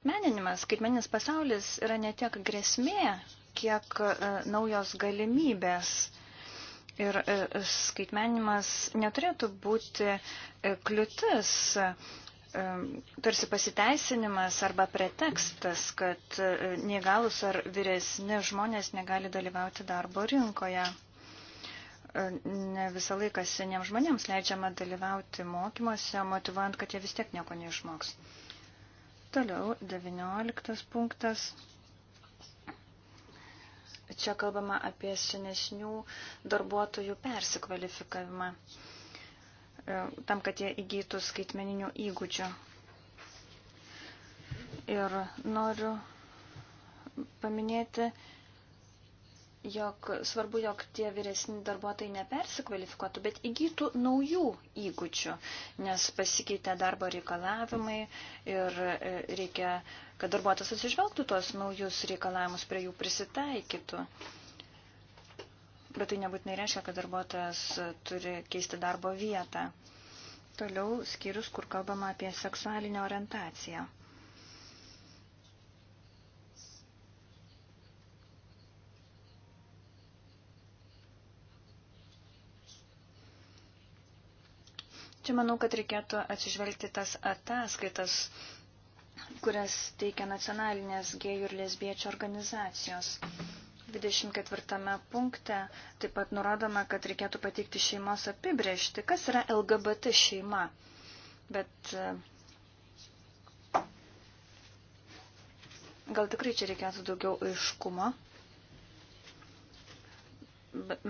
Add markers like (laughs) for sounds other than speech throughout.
Meninimas, skaitmeninis pasaulis yra ne tiek grėsmė, kiek e, naujos galimybės. Ir e, skaitmenimas neturėtų būti e, kliūtis, tarsi pasiteisinimas arba pretekstas, kad neįgalus ar vyresni žmonės negali dalyvauti darbo rinkoje. Ne visą laiką seniems žmonėms leidžiama dalyvauti mokymuose, motivuojant, kad jie vis tiek nieko neišmoks. Toliau 19 punktas. Čia kalbama apie senesnių darbuotojų persikvalifikavimą, e, tam, kad jie įgytų skaitmeninių įgūdžių. Ir noriu paminėti, jog svarbu, jog tie vyresni darbuotojai nepersikvalifikuotų, bet įgytų naujų įgūdžių, nes pasikeitė darbo reikalavimai ir e, reikia, kad darbuotojas atsižvelgtų tuos naujus reikalavimus, prie jų prisitaikytų. Bet tai nebūtinai reiškia, kad darbuotojas turi keisti darbo vietą. Toliau skyrius, kur kalbama apie seksualinę orientaciją. Čia manau, kad reikėtų atsižvelgti tas ataskaitas, kurias teikia nacionalinės gėjų ir lesbiečių organizacijos. 24 punkte taip pat nurodoma, kad reikėtų pateikti šeimos apibrėžti, kas yra LGBT šeima. Bet e, gal tikrai čia reikėtų daugiau aiškumo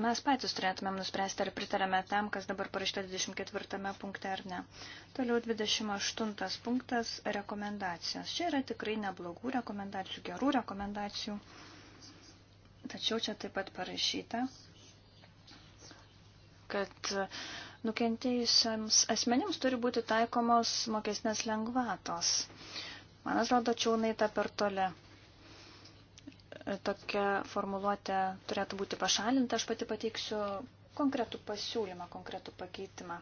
mes patys turėtumėm nuspręsti, ar pritarėme tam, kas dabar parašyta 24 punkte ar ne. Toliau 28 punktas – rekomendacijos. Čia yra tikrai neblogų rekomendacijų, gerų rekomendacijų, tačiau čia taip pat parašyta, kad nukentėjusiems asmenims turi būti taikomos mokesnės lengvatos. Man atrodo, čiaunai ta per toli tokia formuluotė turėtų būti pašalinta. Aš pati pateiksiu konkretų pasiūlymą, konkretų pakeitimą.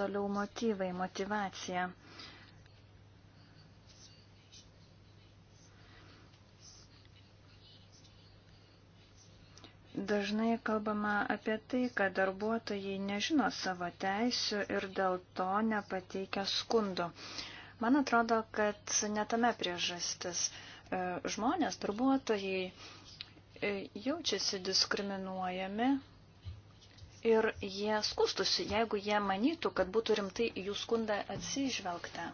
Toliau motyvai, motivacija. Dažnai kalbama apie tai, kad darbuotojai nežino savo teisių ir dėl to nepateikia skundų. Man atrodo, kad netame priežastis. E, žmonės, darbuotojai e, jaučiasi diskriminuojami ir jie skustusi, jeigu jie manytų, kad būtų rimtai jų skundą atsižvelgta.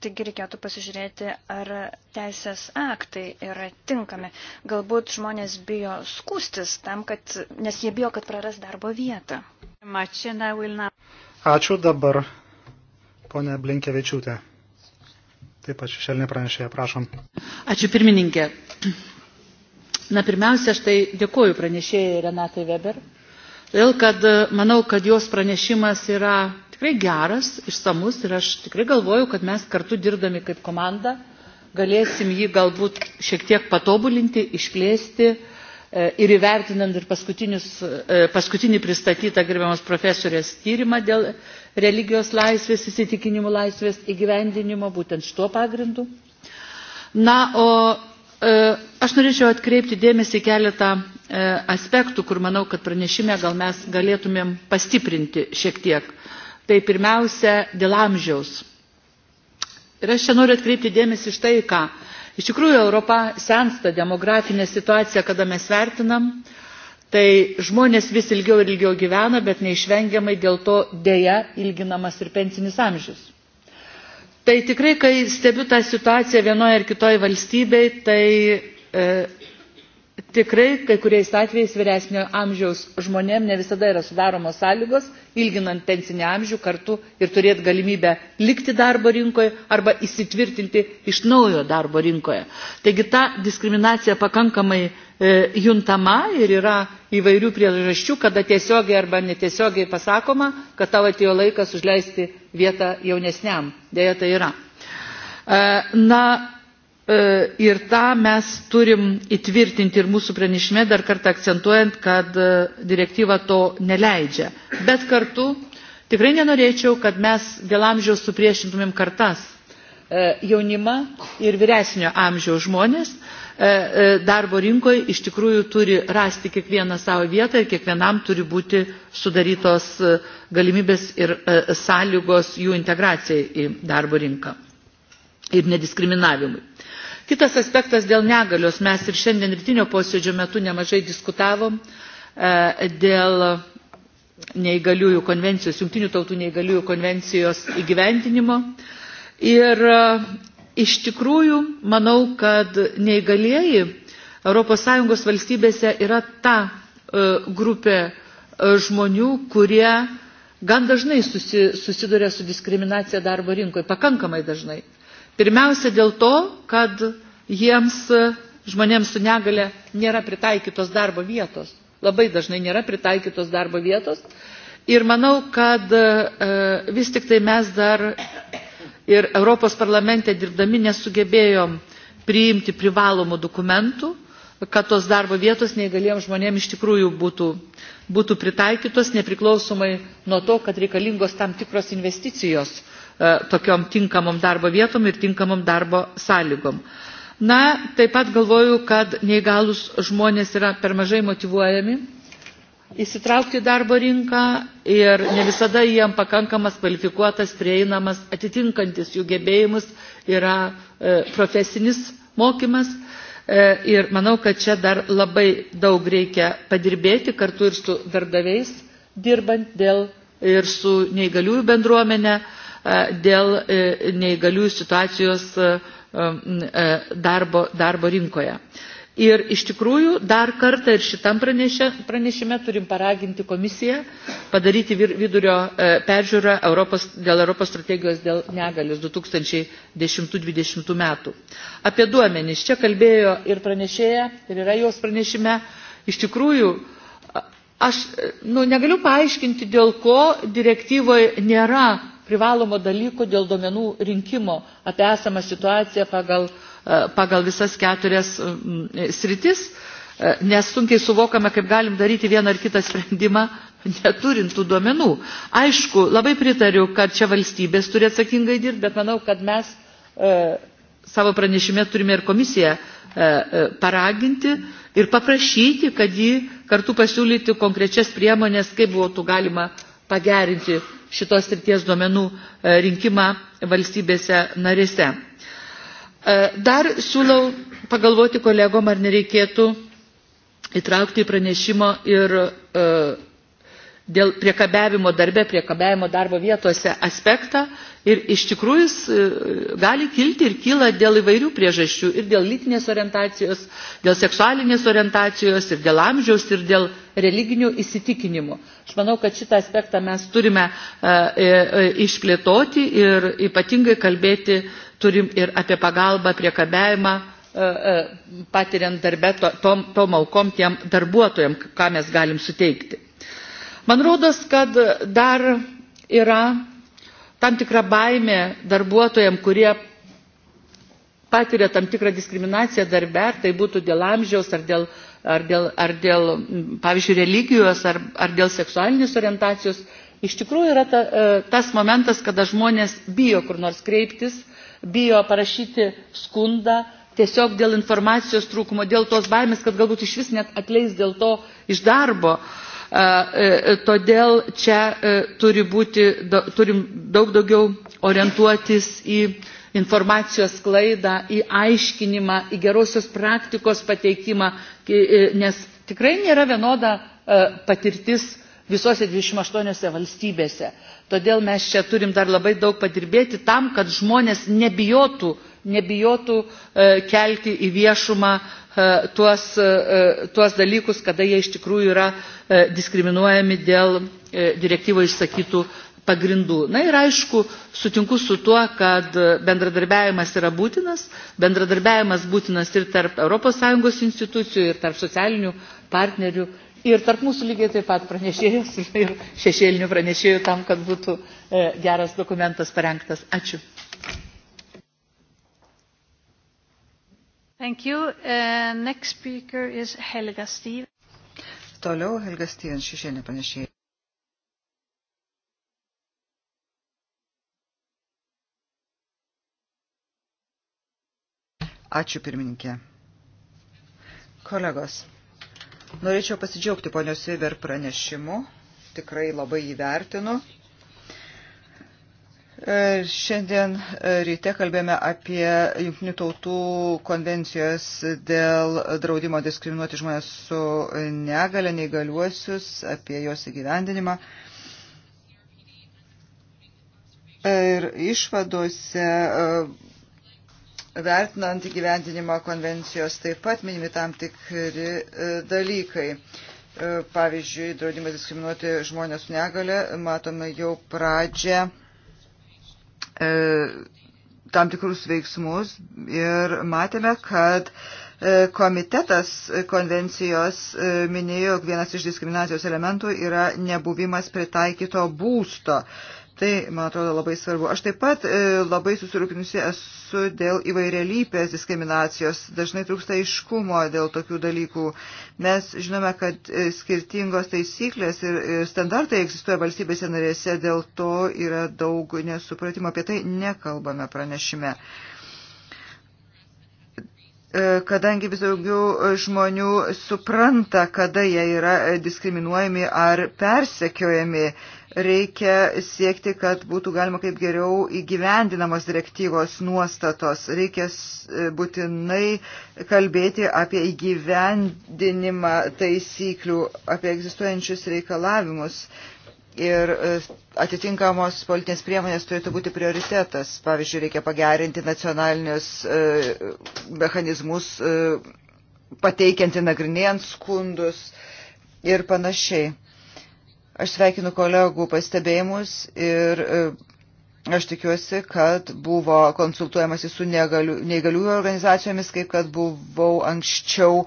Taigi reikėtų pasižiūrėti, ar teisės aktai yra tinkami. Galbūt žmonės bijo skūstis tam, kad, nes jie bijo, kad praras darbo vietą. Ačiū dabar, ponė Blinkevičiūtė. Taip pat šešėlinė pranešėja, prašom. Ačiū pirmininkė. Na, pirmiausia, aš tai dėkoju pranešėjai Renatai Weber, todėl kad e, manau, kad jos pranešimas yra tikrai geras, išsamus ir aš tikrai galvoju, kad mes kartu dirbdami kaip komanda galėsim jį galbūt šiek tiek patobulinti, išplėsti e, ir įvertinant ir e, paskutinį pristatytą gerbiamas profesorės tyrimą dėl religijos laisvės, įsitikinimų laisvės įgyvendinimo, būtent šituo pagrindu. Na, o e, aš norėčiau atkreipti dėmesį keletą aspektų, kur manau, kad pranešime gal mes galėtumėm pastiprinti šiek tiek tai pirmiausia dėl amžiaus. Ir aš čia noriu atkreipti dėmesį štai ką. Iš tikrųjų, Europa sensta demografinė situacija, kada mes vertinam, tai žmonės vis ilgiau ir ilgiau gyvena, bet neišvengiamai dėl to dėja ilginamas ir pensinis amžius. Tai tikrai, kai stebiu tą situaciją vienoje ar kitoje valstybei, tai e, tikrai kai kuriais atvejais vyresnio amžiaus žmonėms ne visada yra sudaromos sąlygos ilginant pensinį amžių kartu ir turėti galimybę likti darbo rinkoje arba įsitvirtinti iš naujo darbo rinkoje. Taigi ta diskriminacija pakankamai e, juntama ir yra įvairių priežasčių, kada tiesiogiai arba netiesiogiai pasakoma, kad tavo atėjo laikas užleisti vietą jaunesniam. Deja, tai yra. E, na, E, ir tą mes turim įtvirtinti ir mūsų pranešime, dar kartą akcentuojant, kad e, direktyva to neleidžia. Bet kartu tikrai nenorėčiau, kad mes dėl amžiaus supriešintumėm kartas e, jaunimą ir vyresnio amžiaus žmonės darbo rinkoje iš tikrųjų turi rasti kiekvieną savo vietą ir kiekvienam turi būti sudarytos galimybės ir sąlygos jų integracijai į darbo rinką ir nediskriminavimui. Kitas aspektas dėl negalios. Mes ir šiandien rytinio posėdžio metu nemažai diskutavom e, dėl neįgaliųjų konvencijos, jungtinių tautų neįgaliųjų konvencijos įgyvendinimo. Ir e, iš tikrųjų manau, kad neįgalieji ES valstybėse yra ta e, grupė žmonių, kurie gan dažnai susiduria su diskriminacija darbo rinkoje, pakankamai dažnai. Pirmiausia dėl to, kad jiems e, žmonėms su negale nėra pritaikytos darbo vietos. Labai dažnai nėra pritaikytos darbo vietos. Ir manau, kad e, e, vis tik tai mes dar ir Europos parlamente dirbdami nesugebėjom priimti privalomų dokumentų, kad tos darbo vietos neįgaliems žmonėms iš tikrųjų būtų, būtų pritaikytos, nepriklausomai nuo to, kad reikalingos tam tikros investicijos E, tokiom tinkamom darbo vietom ir tinkamom darbo sąlygom. Na, taip pat galvoju, kad neįgalus žmonės yra per mažai motivuojami įsitraukti į darbo rinką ir ne visada jiem pakankamas kvalifikuotas, prieinamas, atitinkantis jų gebėjimus yra e, profesinis mokymas. E, ir manau, kad čia dar labai daug reikia padirbėti kartu ir su darbdaviais dirbant dėl ir su neįgaliųjų bendruomenė E, dėl e, neįgaliųjų situacijos e, darbo, darbo rinkoje. Ir iš tikrųjų dar kartą ir šitam pranešime turim paraginti komisiją padaryti vidurio peržiūrą Europos, dėl Europos strategijos dėl negalios 2010-2020 metų. Apie duomenys čia kalbėjo ir pranešėja, ir yra jos pranešime. Iš tikrųjų, aš nu, negaliu paaiškinti, dėl ko direktyvoje nėra privalomo dalyko dėl duomenų rinkimo apie esamą situaciją pagal, e, pagal visas keturias mm, sritis, e, nes sunkiai suvokame, kaip galim daryti vieną ar kitą sprendimą (laughs) neturint tų duomenų. Aišku, labai pritariu, kad čia valstybės turi atsakingai dirbti, bet manau, kad mes e, savo pranešime turime ir komisiją e, e, paraginti ir paprašyti, kad ji kartu pasiūlyti konkrečias priemonės, kaip būtų galima pagerinti šitos srities duomenų e, rinkimą valstybėse narėse. E, dar siūlau pagalvoti kolegom, ar nereikėtų įtraukti į pranešimo ir e, dėl priekabiavimo darbe, priekabiavimo darbo vietose aspektą, Ir iš tikrųjų jis e, gali kilti ir kyla dėl įvairių priežasčių, ir dėl lytinės orientacijos, dėl seksualinės orientacijos, ir dėl amžiaus, ir dėl religinių įsitikinimų. Aš manau, kad šitą aspektą mes turime e, e, išplėtoti ir ypatingai kalbėti turim ir apie pagalbą, priekabiavimą patiriant darbę tom, tom aukom tiem darbuotojam, ką mes galim suteikti. Man rodos, kad dar yra tam tikra baimė darbuotojams, kurie patiria tam tikrą diskriminaciją darbe, ar tai būtų dėl amžiaus, ar dėl, ar dėl, ar dėl pavyzdžiui, religijos, ar, ar dėl seksualinės orientacijos. Iš tikrųjų yra ta, e, tas momentas, kada žmonės bijo kur nors kreiptis, bijo parašyti skundą, tiesiog dėl informacijos trūkumo, dėl tos baimės, kad galbūt iš vis net atleis dėl to iš darbo. Uh, E, e, todėl čia e, turi būti, turim daug daugiau orientuotis į informacijos sklaidą, į aiškinimą, į gerosios praktikos pateikimą, nes tikrai nėra vienoda patirtis visose 28 valstybėse. Todėl mes čia turim dar labai daug padirbėti tam, kad žmonės nebijotų, nebijotų kelti į viešumą E, tuos, e, tuos dalykus, kada jie iš tikrųjų yra e, diskriminuojami dėl direktyvo išsakytų pagrindų. Na ir aišku, sutinku su tuo, kad bendradarbiavimas yra būtinas, bendradarbiavimas būtinas ir tarp ES institucijų, ir tarp socialinių partnerių, ir tarp mūsų lygiai taip pat pranešėjos (laughs) ir šešėlinių pranešėjų tam, kad būtų geras dokumentas parengtas. Ačiū. Thank you. Uh, next speaker is Helga Stevens. Toliau Helga Stevens, šešėlė panašiai. Ačiū pirmininkė. Kolegos, norėčiau pasidžiaugti ponios Weber pranešimu, tikrai labai įvertinu. E, šiandien e, ryte kalbėjome apie Junktinių tautų konvencijos dėl draudimo diskriminuoti žmonės su negale, neįgaliuosius, apie jos įgyvendinimą. E, ir išvadose vertinant įgyvendinimą konvencijos taip pat minimi tam tikri dalykai pavyzdžiui, draudimas diskriminuoti žmonės su negale, matome jau pradžią E, tam tikrus veiksmus ir matėme, kad e, komitetas konvencijos e, minėjo, jog vienas iš diskriminacijos elementų yra nebuvimas pritaikyto būsto. Tai, man atrodo, labai svarbu. Aš taip pat e, labai susirūpinusi esu dėl įvairialypės diskriminacijos. Dažnai trūksta iškumo dėl tokių dalykų. Mes žinome, kad e, skirtingos taisyklės ir, ir standartai egzistuoja valstybėse narėse, dėl to yra daug nesupratimo. Apie tai nekalbame pranešime e, kadangi vis daugiau žmonių supranta, kada jie yra diskriminuojami ar persekiojami, reikia siekti, kad būtų galima kaip geriau įgyvendinamos direktyvos nuostatos. Reikia e, būtinai kalbėti apie įgyvendinimą taisyklių, apie egzistuojančius reikalavimus. Ir e, atitinkamos politinės priemonės turėtų būti prioritetas. Pavyzdžiui, reikia pagerinti nacionalinius e, mechanizmus, pateikiant ir nagrinėjant skundus ir panašiai Aš sveikinu kolegų pastebėjimus ir e, aš tikiuosi, kad buvo konsultuojamasi su neįgaliųjų organizacijomis, kaip kad buvau anksčiau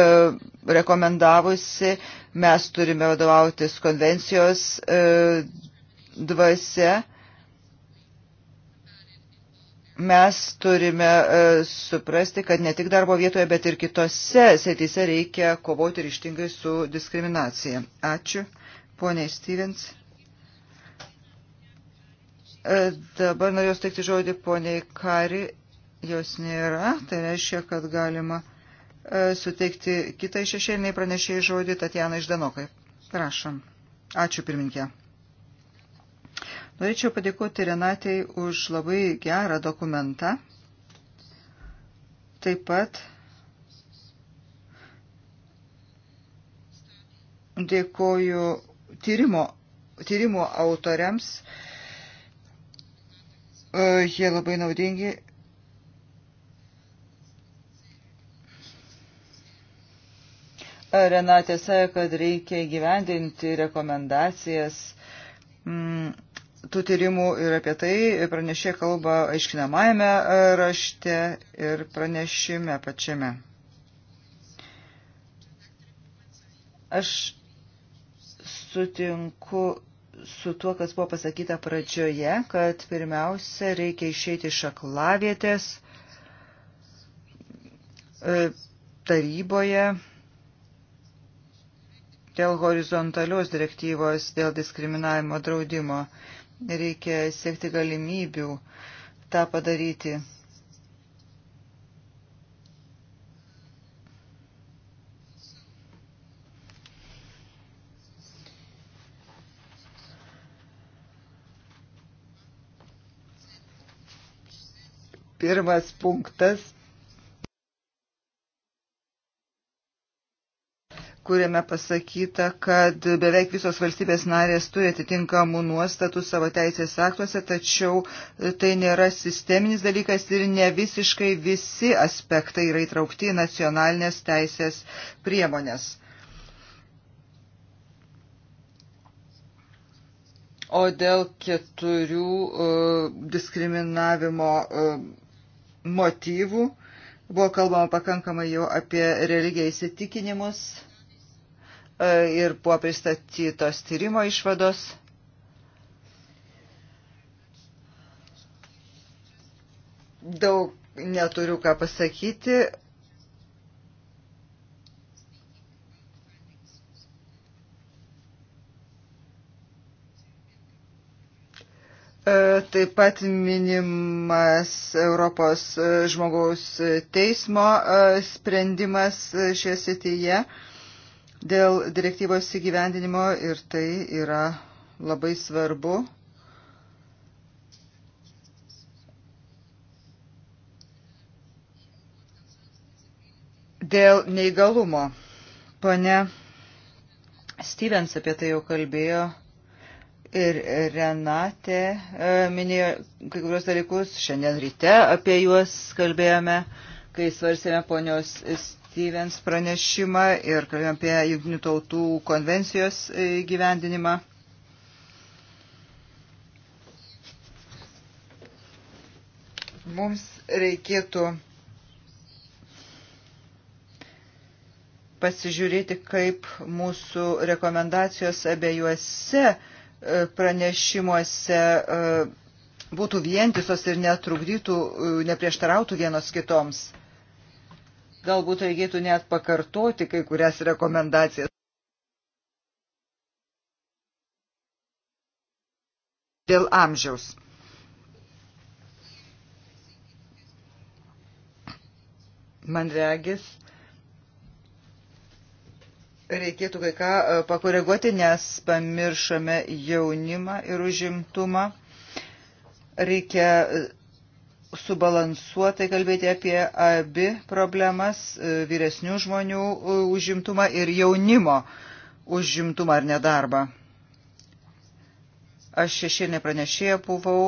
e, rekomendavusi. Mes turime vadovautis konvencijos e, dvasia mes turime e, suprasti, kad ne tik darbo vietoje, bet ir kitose sėtyse reikia kovoti ryštingai su diskriminacija. Ačiū poniai Stevens. E, dabar norėjau steikti žodį poniai Kari, jos nėra, tai reiškia, kad galima e, suteikti kitai šešėliniai pranešėjai žodį Tatjana Išdanokai. Prašom. Ačiū pirminkė. Norėčiau padėkoti Renatai už labai gerą dokumentą. Taip pat dėkoju tyrimo, tyrimo autoriams. E, jie labai naudingi. Renatė sąja, kad reikia gyvendinti rekomendacijas mm, tų tyrimų ir apie tai pranešė kalba aiškinamajame rašte ir pranešime pačiame. Aš sutinku su tuo, kas buvo pasakyta pradžioje, kad pirmiausia reikia išeiti iš aklavietės e, taryboje dėl horizontalios direktyvos, dėl diskriminavimo draudimo. Reikia siekti galimybių tą padaryti. Pirmas punktas, kuriame pasakyta, kad beveik visos valstybės narės turi atitinkamų nuostatų savo teisės aktuose, tačiau tai nėra sisteminis dalykas ir ne visiškai visi aspektai yra įtraukti į nacionalinės teisės priemonės. O dėl keturių uh, diskriminavimo uh, motyvų. Buvo kalbama pakankamai jau apie religiją įsitikinimus e, ir buvo pristatytos tyrimo išvados. Daug neturiu ką pasakyti. E, taip pat minimas Europos e, žmogaus teismo e, sprendimas šioje srityje dėl direktyvos įgyvendinimo ir tai yra labai svarbu. Dėl neįgalumo. Pane Stevens apie tai jau kalbėjo ir Renate e, minėjo kai kurios dalykus. Šiandien ryte apie juos kalbėjome, kai svarsėme ponios Stevens pranešimą ir kalbėjom apie Junktinių tautų konvencijos gyvendinimą. Mums reikėtų pasižiūrėti, kaip mūsų rekomendacijos abiejuose E, pranešimuose e, būtų vientisos ir netrukdytų, e, neprieštarautų vienos kitoms. Galbūt reikėtų net pakartoti kai kurias rekomendacijas. Dėl amžiaus. Man regis, reikėtų kai ką e, pakoreguoti, nes pamiršame jaunimą ir užimtumą. Reikia e, subalansuotai kalbėti apie abi problemas e, - vyresnių žmonių užimtumą ir jaunimo užimtumą ar nedarbą. Aš šešėlinė pranešėja buvau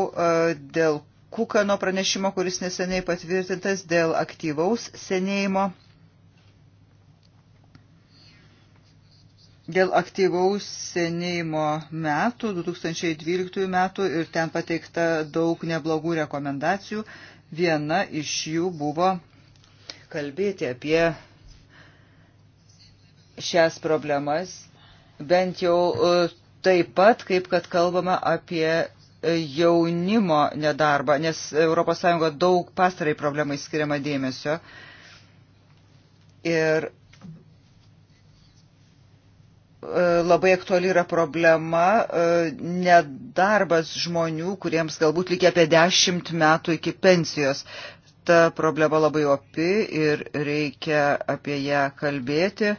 dėl Kukano pranešimo, kuris neseniai patvirtintas dėl aktyvaus senėjimo dėl aktyvaus senėjimo metų, 2012 metų ir ten pateikta daug neblogų rekomendacijų. Viena iš jų buvo kalbėti apie šias problemas, bent jau e, taip pat, kaip kad kalbama apie e, jaunimo nedarbą, nes ES daug pastarai problemai skiriama dėmesio. Ir E, labai aktuali yra problema e, nedarbas žmonių, kuriems galbūt likia apie 10 metų iki pensijos. Ta problema labai opi ir reikia apie ją kalbėti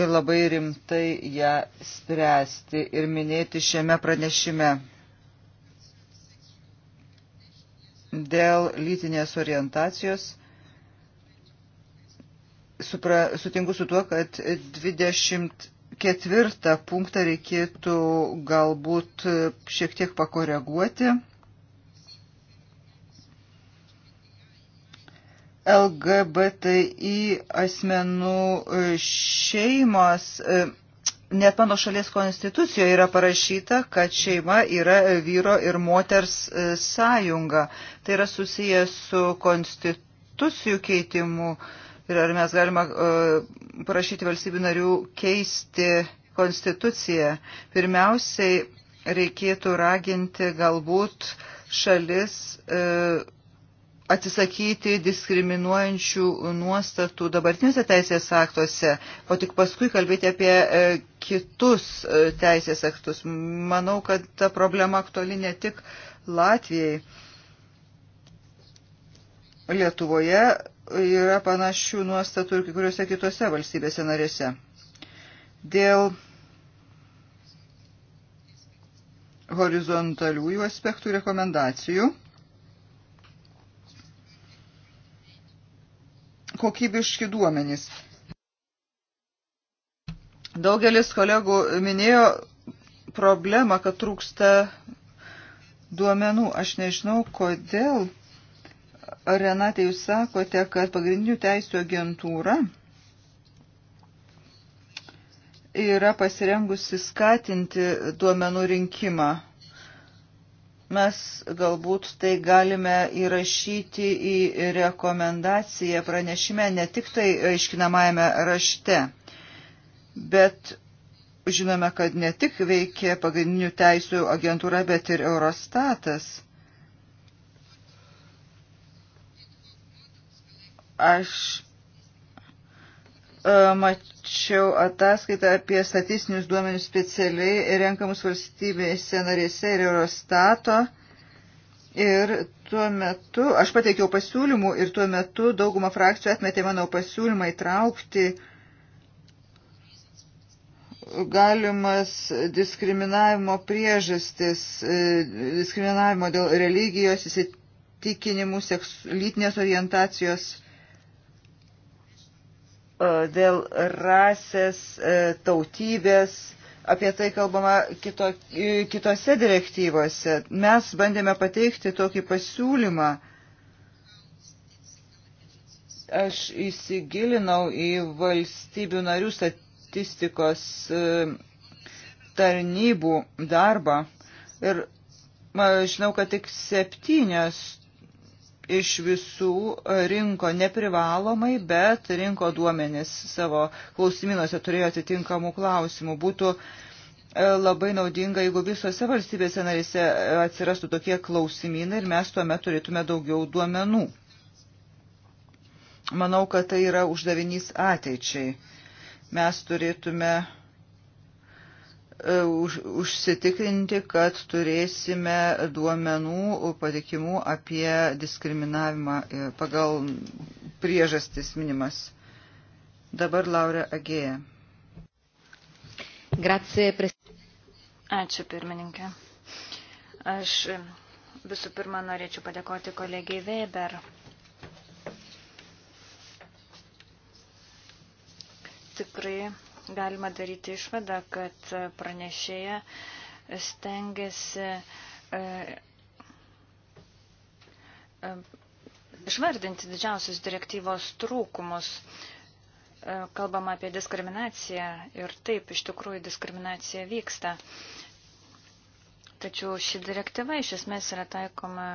ir labai rimtai ją spręsti ir minėti šiame pranešime. Dėl lytinės orientacijos supra, sutinku su tuo, kad 24 punktą reikėtų galbūt šiek tiek pakoreguoti. LGBTI asmenų šeimos, e, net mano šalies konstitucijoje yra parašyta, kad šeima yra vyro ir moters e, sąjunga. Tai yra susijęs su konstitucijų keitimu. Uh, ir ar mes galima e, prašyti valstybių narių keisti konstituciją. Pirmiausiai reikėtų raginti galbūt šalis e, atsisakyti diskriminuojančių nuostatų dabartinėse teisės aktuose, o tik paskui kalbėti apie e, kitus teisės aktus. Manau, kad ta problema aktuali ne tik Latvijai. Lietuvoje yra panašių nuostatų ir kai kuriuose kitose valstybėse narėse. Dėl horizontaliųjų aspektų rekomendacijų kokybiški duomenys. Daugelis kolegų minėjo problemą, kad trūksta duomenų. Aš nežinau, kodėl Renatai, jūs sakote, kad pagrindinių teisų agentūra yra pasirengusi skatinti duomenų rinkimą. Mes galbūt tai galime įrašyti į rekomendaciją pranešime, ne tik tai aiškinamajame rašte, bet žinome, kad ne tik veikia pagrindinių teisų agentūra, bet ir Eurostatas Aš e, mačiau ataskaitą apie statistinius duomenius specialiai renkamus valstybėse narėse ir Eurostato. Ir tuo metu, aš pateikiau pasiūlymų ir tuo metu dauguma frakcijų atmetė mano pasiūlymą įtraukti galimas diskriminavimo priežastis, e, diskriminavimo dėl religijos, įsitikinimų, seks, lytinės orientacijos E, dėl rasės, e, tautybės, apie tai kalbama kito, e, kitose direktyvose. Mes bandėme pateikti tokį pasiūlymą. Aš įsigilinau į valstybių narių statistikos tarnybų darbą ir žinau, kad tik septynios iš visų e, rinko neprivalomai, bet rinko duomenis savo klausimynuose turėjo atitinkamų klausimų. Būtų e, labai naudinga, jeigu visose valstybėse narise e, atsirastų tokie klausimynai ir mes tuomet turėtume daugiau duomenų. Manau, kad tai yra uždavinys ateičiai. Mes turėtume E, už, užsitikrinti, kad turėsime duomenų patikimų apie diskriminavimą e, pagal priežastis minimas. Dabar Laura Agėja. Ačiū pirmininkė. Aš visų pirma norėčiau padėkoti kolegiai Weber. Tikrai galima daryti išvadą, kad pranešėja stengiasi e, e, išvardinti didžiausius direktyvos trūkumus. E, kalbama apie diskriminaciją ir taip iš tikrųjų diskriminacija vyksta. Tačiau ši direktyva iš esmės yra taikoma,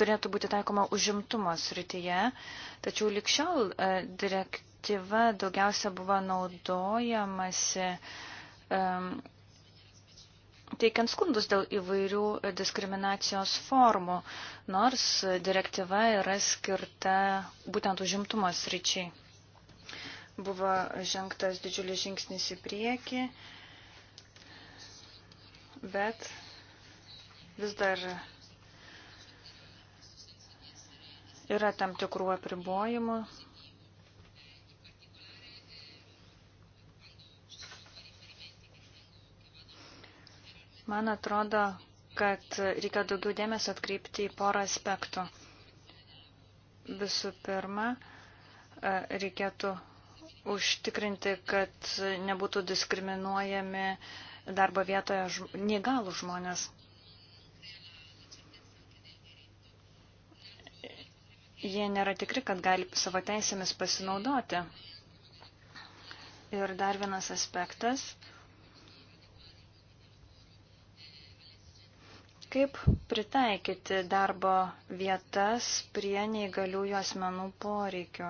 turėtų būti taikoma užimtumo srityje, tačiau likščiol direk, direktyva daugiausia buvo naudojamasi um, teikiant skundus dėl įvairių diskriminacijos formų, nors direktyva yra skirta būtent užimtumo sričiai. Buvo žengtas didžiulis žingsnis į priekį, bet vis dar yra tam tikrų apribojimų, Man atrodo, kad reikia daugiau dėmesio atkreipti į porą aspektų. Visų pirma, e, reikėtų užtikrinti, kad nebūtų diskriminuojami darbo vietoje neįgalų žmonės. Jie nėra tikri, kad gali savo teisėmis pasinaudoti. Ir dar vienas aspektas – Kaip pritaikyti darbo vietas prie neįgaliųjų asmenų poreikio?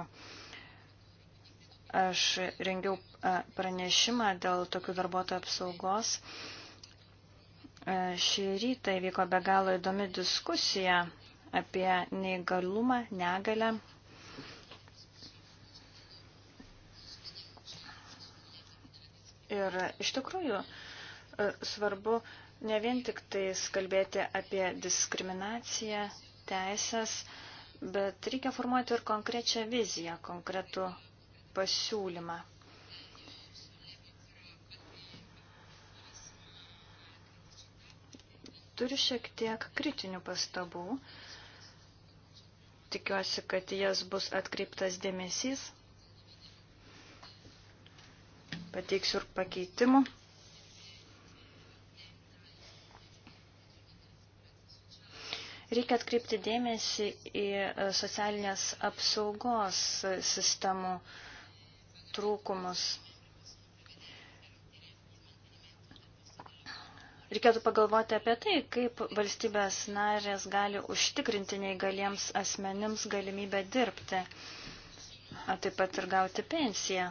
Aš rengiau e, pranešimą dėl tokių darbuotojų apsaugos. E, šį rytą įvyko be galo įdomi diskusija apie neįgalumą, negalę. Ir iš tikrųjų e, svarbu ne vien tik tais kalbėti apie diskriminaciją, teisės, bet reikia formuoti ir konkrečią viziją, konkretų pasiūlymą. Turiu šiek tiek kritinių pastabų. Tikiuosi, kad jas bus atkreiptas dėmesys. Pateiksiu ir pakeitimų. Reikia atkreipti dėmesį į e, socialinės apsaugos sistemų trūkumus. Reikėtų pagalvoti apie tai, kaip valstybės narės gali užtikrinti neįgaliems asmenims galimybę dirbti, o taip pat ir gauti pensiją.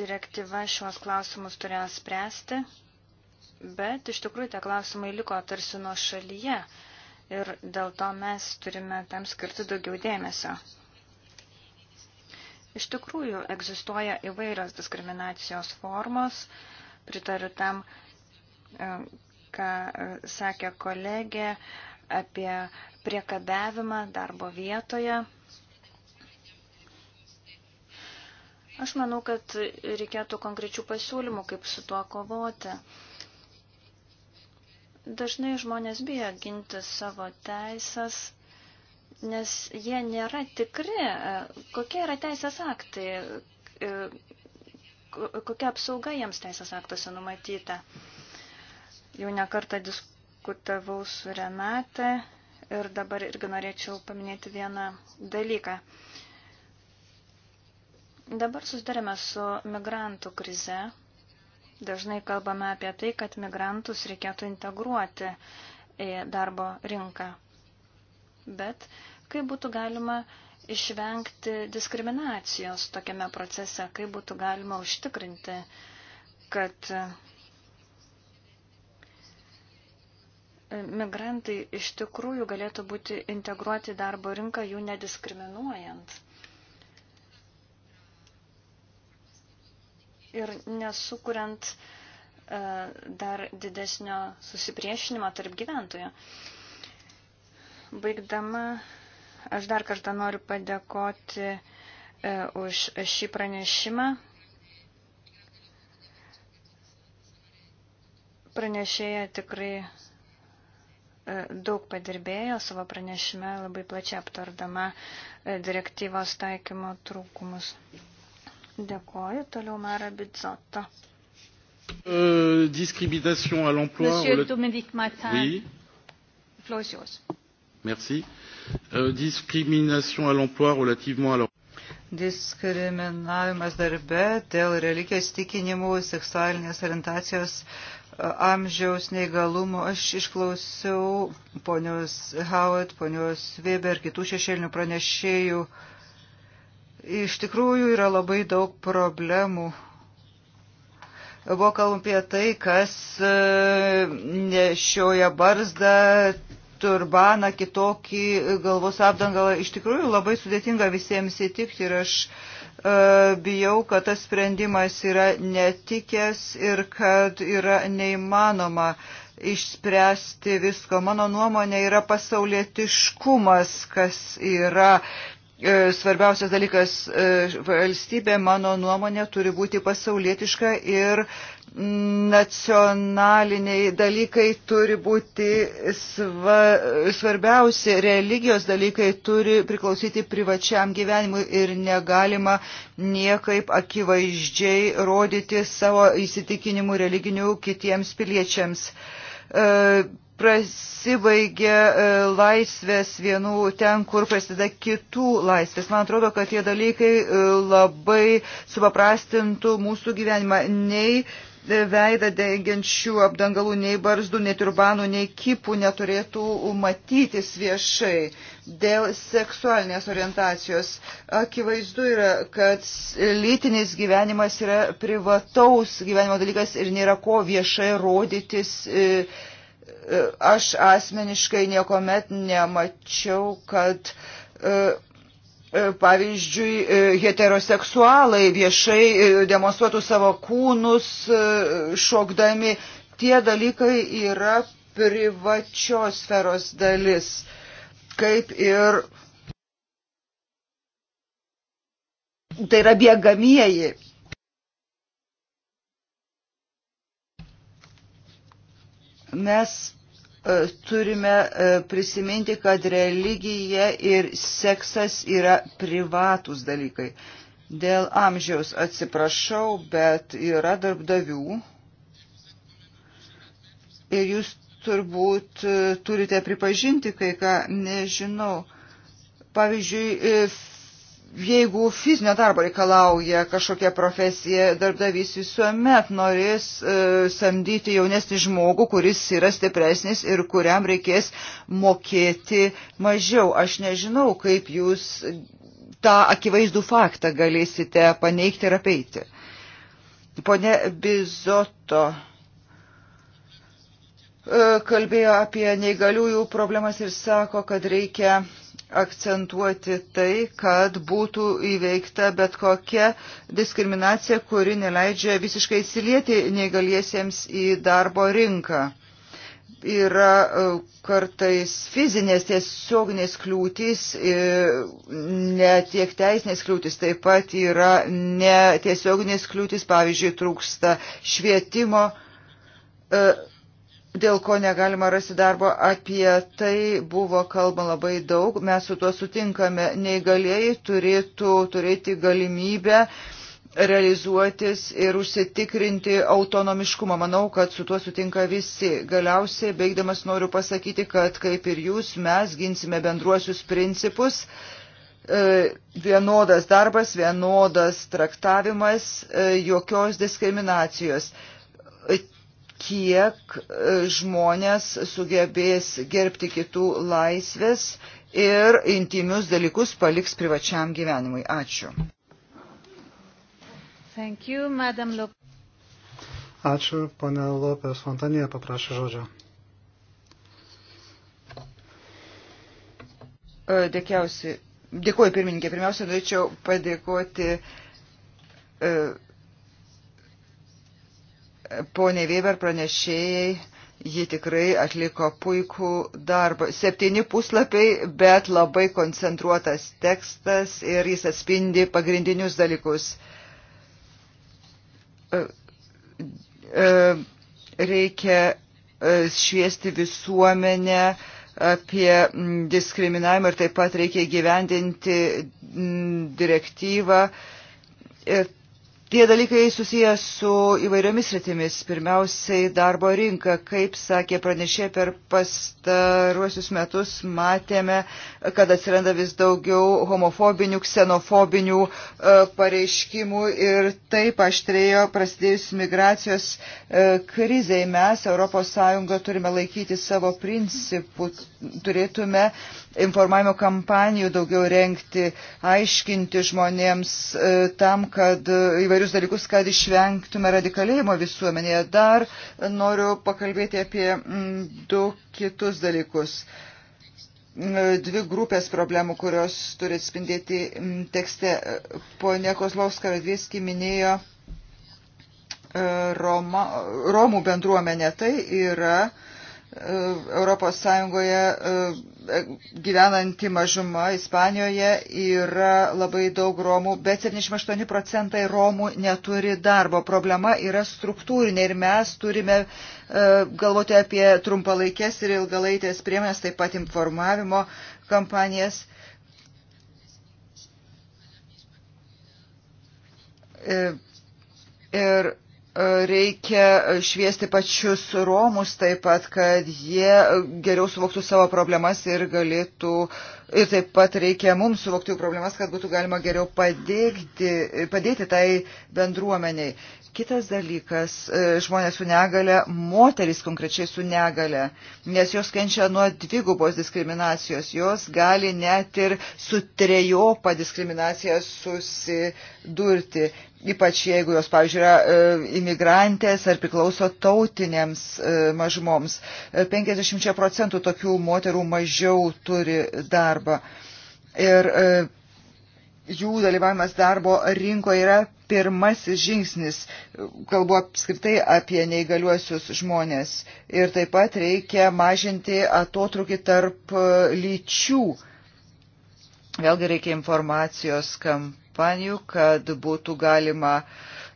Direktyva šios klausimus turėjo spręsti bet iš tikrųjų tie klausimai liko tarsi nuo šalyje ir dėl to mes turime tam skirti daugiau dėmesio. Iš tikrųjų egzistuoja įvairios diskriminacijos formos, pritariu tam, e, ką e, sakė kolegė apie priekabiavimą darbo vietoje. Aš manau, kad reikėtų konkrečių pasiūlymų, kaip su tuo kovoti. Dažnai žmonės bijo ginti savo teisės, nes jie nėra tikri, e, kokie yra teisės aktai, e, kokia apsauga jiems teisės aktuose numatyta. Jau nekartą diskutavau su Renate ir dabar irgi norėčiau paminėti vieną dalyką. Dabar susidarėme su migrantų krize Dažnai kalbame apie tai, kad migrantus reikėtų integruoti į darbo rinką. Bet kaip būtų galima išvengti diskriminacijos tokiame procese, kaip būtų galima užtikrinti, kad e, migrantai iš tikrųjų galėtų būti integruoti į darbo rinką jų nediskriminuojant. ir nesukuriant e, dar didesnio susipriešinimo tarp gyventojų. Baigdama, aš dar kartą noriu padėkoti e, už šį pranešimą. Pranešėja tikrai e, daug padirbėjo savo pranešime, labai plačiai aptardama direktyvos taikymo trūkumus. Dėkoju. Toliau Mara Bizzotto. Euh, discrimination à l'emploi. Monsieur le... Dominique Martin. Oui. Flosios. Merci. Euh, discrimination à l'emploi relativement à leur... Diskriminavimas darbe dėl religijos tikinimų, seksualinės orientacijos, e, amžiaus neįgalumo. Aš išklausiau ponios Howard, ponios Weber, kitų šešėlinių pranešėjų uh, Iš tikrųjų yra labai daug problemų buvo kalbama apie tai, kas e, nešioja barzdą, turbaną, kitokį galvos apdangalą. Iš tikrųjų labai sudėtinga visiems įtikti ir aš e, bijau, kad tas sprendimas yra netikęs ir kad yra neįmanoma išspręsti visko. Mano nuomonė yra pasaulietiškumas, kas yra E, svarbiausias dalykas e, valstybė, mano nuomonė, turi būti pasaulietiška ir nacionaliniai dalykai turi būti sva, svarbiausi, religijos dalykai turi priklausyti privačiam gyvenimui ir negalima niekaip akivaizdžiai rodyti savo įsitikinimų religinių kitiems piliečiams e, prasibaigia e, laisvės vienų ten, kur prasideda kitų laisvės. Man atrodo, kad tie dalykai e, labai supaprastintų mūsų gyvenimą. Nei e, veidą dengiančių apdangalų, nei barzdų, nei turbanų, nei kipų neturėtų matytis viešai. Dėl seksualinės orientacijos akivaizdu yra, kad lytinis gyvenimas yra privataus gyvenimo dalykas ir nėra ko viešai rodytis. E, Aš asmeniškai niekuomet nemačiau, kad e, e, pavyzdžiui, e, heteroseksualai viešai demonstruotų savo kūnus šokdami. Tie dalykai yra privačios sferos dalis, kaip ir tai yra bėgamieji Mes e, turime e, prisiminti, kad religija ir seksas yra privatus dalykai. Dėl amžiaus atsiprašau, bet yra darbdavių ir jūs turbūt e, turite pripažinti kai ką, nežinau. Pavyzdžiui, jeigu fizinio darbo reikalauja kažkokia profesija, darbdavys visuomet norės e, samdyti jaunesnį žmogų, kuris yra stipresnis ir kuriam reikės mokėti mažiau. Aš nežinau, kaip jūs tą akivaizdų faktą galėsite paneigti ir apeiti. Pone Bizoto e, kalbėjo apie neįgaliųjų problemas ir sako, kad reikia akcentuoti tai, kad būtų įveikta bet kokia diskriminacija, kuri neleidžia visiškai įsilieti neįgaliesiems į darbo rinką. Yra e, kartais fizinės tiesioginės kliūtis, e, netiek teisinės kliūtis, taip pat yra netiesioginės kliūtis, pavyzdžiui, trūksta švietimo e, dėl ko negalima rasti darbo, apie tai buvo kalba labai daug, mes su tuo sutinkame, neįgalėjai turėtų turėti galimybę realizuotis ir užsitikrinti autonomiškumą. Manau, kad su tuo sutinka visi. Galiausiai, beigdamas noriu pasakyti, kad kaip ir jūs, mes ginsime bendruosius principus e, vienodas darbas, vienodas traktavimas, e, jokios diskriminacijos e, kiek e, žmonės sugebės gerbti kitų laisvės ir intimius dalykus paliks privačiam gyvenimui. Ačiū. Thank you, Madam Lop Ačiū, pane Lopės Fontanija paprašė žodžio. E, dėkiausi. Dėkuoju pirmininkė. Pirmiausia, norėčiau padėkoti e, poniai Weber pranešėjai, ji tikrai atliko puikų darbą. Septyni puslapiai, bet labai koncentruotas tekstas ir jis atspindi pagrindinius dalykus. E, e, reikia e, šviesti visuomenę apie diskriminavimą ir taip pat reikia gyvendinti direktyvą. Ir Tie dalykai susiję su įvairiomis rytimis. Pirmiausiai darbo rinka, kaip sakė pranešė per pastaruosius metus, matėme, kad atsiranda vis daugiau homofobinių, ksenofobinių e, pareiškimų ir taip aštrėjo prasidėjus migracijos e, krizai. Mes, ES, turime laikyti savo principų, turėtume informavimo kampanijų daugiau renkti, aiškinti žmonėms e, tam, kad įvairių įvairius dalykus, kad išvengtume radikalėjimo visuomenėje. Dar noriu pakalbėti apie mm, du kitus dalykus. Mm, dvi grupės problemų, kurios turi atspindėti mm, tekste. Pone Kozlovska Radvieski minėjo e, Roma, Romų bendruomenė. Tai yra e, Europos Sąjungoje e, gyvenanti mažuma Ispanijoje yra labai daug Romų, bet 78 procentai Romų neturi darbo. Problema yra struktūrinė ir mes turime e, galvoti apie trumpalaikės ir ilgalaitės priemonės, taip pat informavimo kampanijas. E, ir Reikia šviesti pačius Romus taip pat, kad jie geriau suvoktų savo problemas ir galėtų, ir taip pat reikia mums suvokti jų problemas, kad būtų galima geriau padėkti, padėti tai bendruomeniai. Kitas dalykas e, - žmonės su negale, moteris konkrečiai su negale, nes jos kenčia nuo dvigubos diskriminacijos, jos gali net ir su trejopa diskriminacija susidurti ypač jeigu jos, pavyzdžiui, yra e, imigrantės ar priklauso tautinėms e, mažumoms. 50 e, procentų tokių moterų mažiau turi darbą. Ir jų dalyvavimas darbo rinkoje yra pirmasis žingsnis, kalbu apskritai apie neįgaliuosius žmonės. Ir taip pat reikia mažinti atotrukį tarp lyčių. Vėlgi reikia informacijos kamp kampanijų, kad būtų galima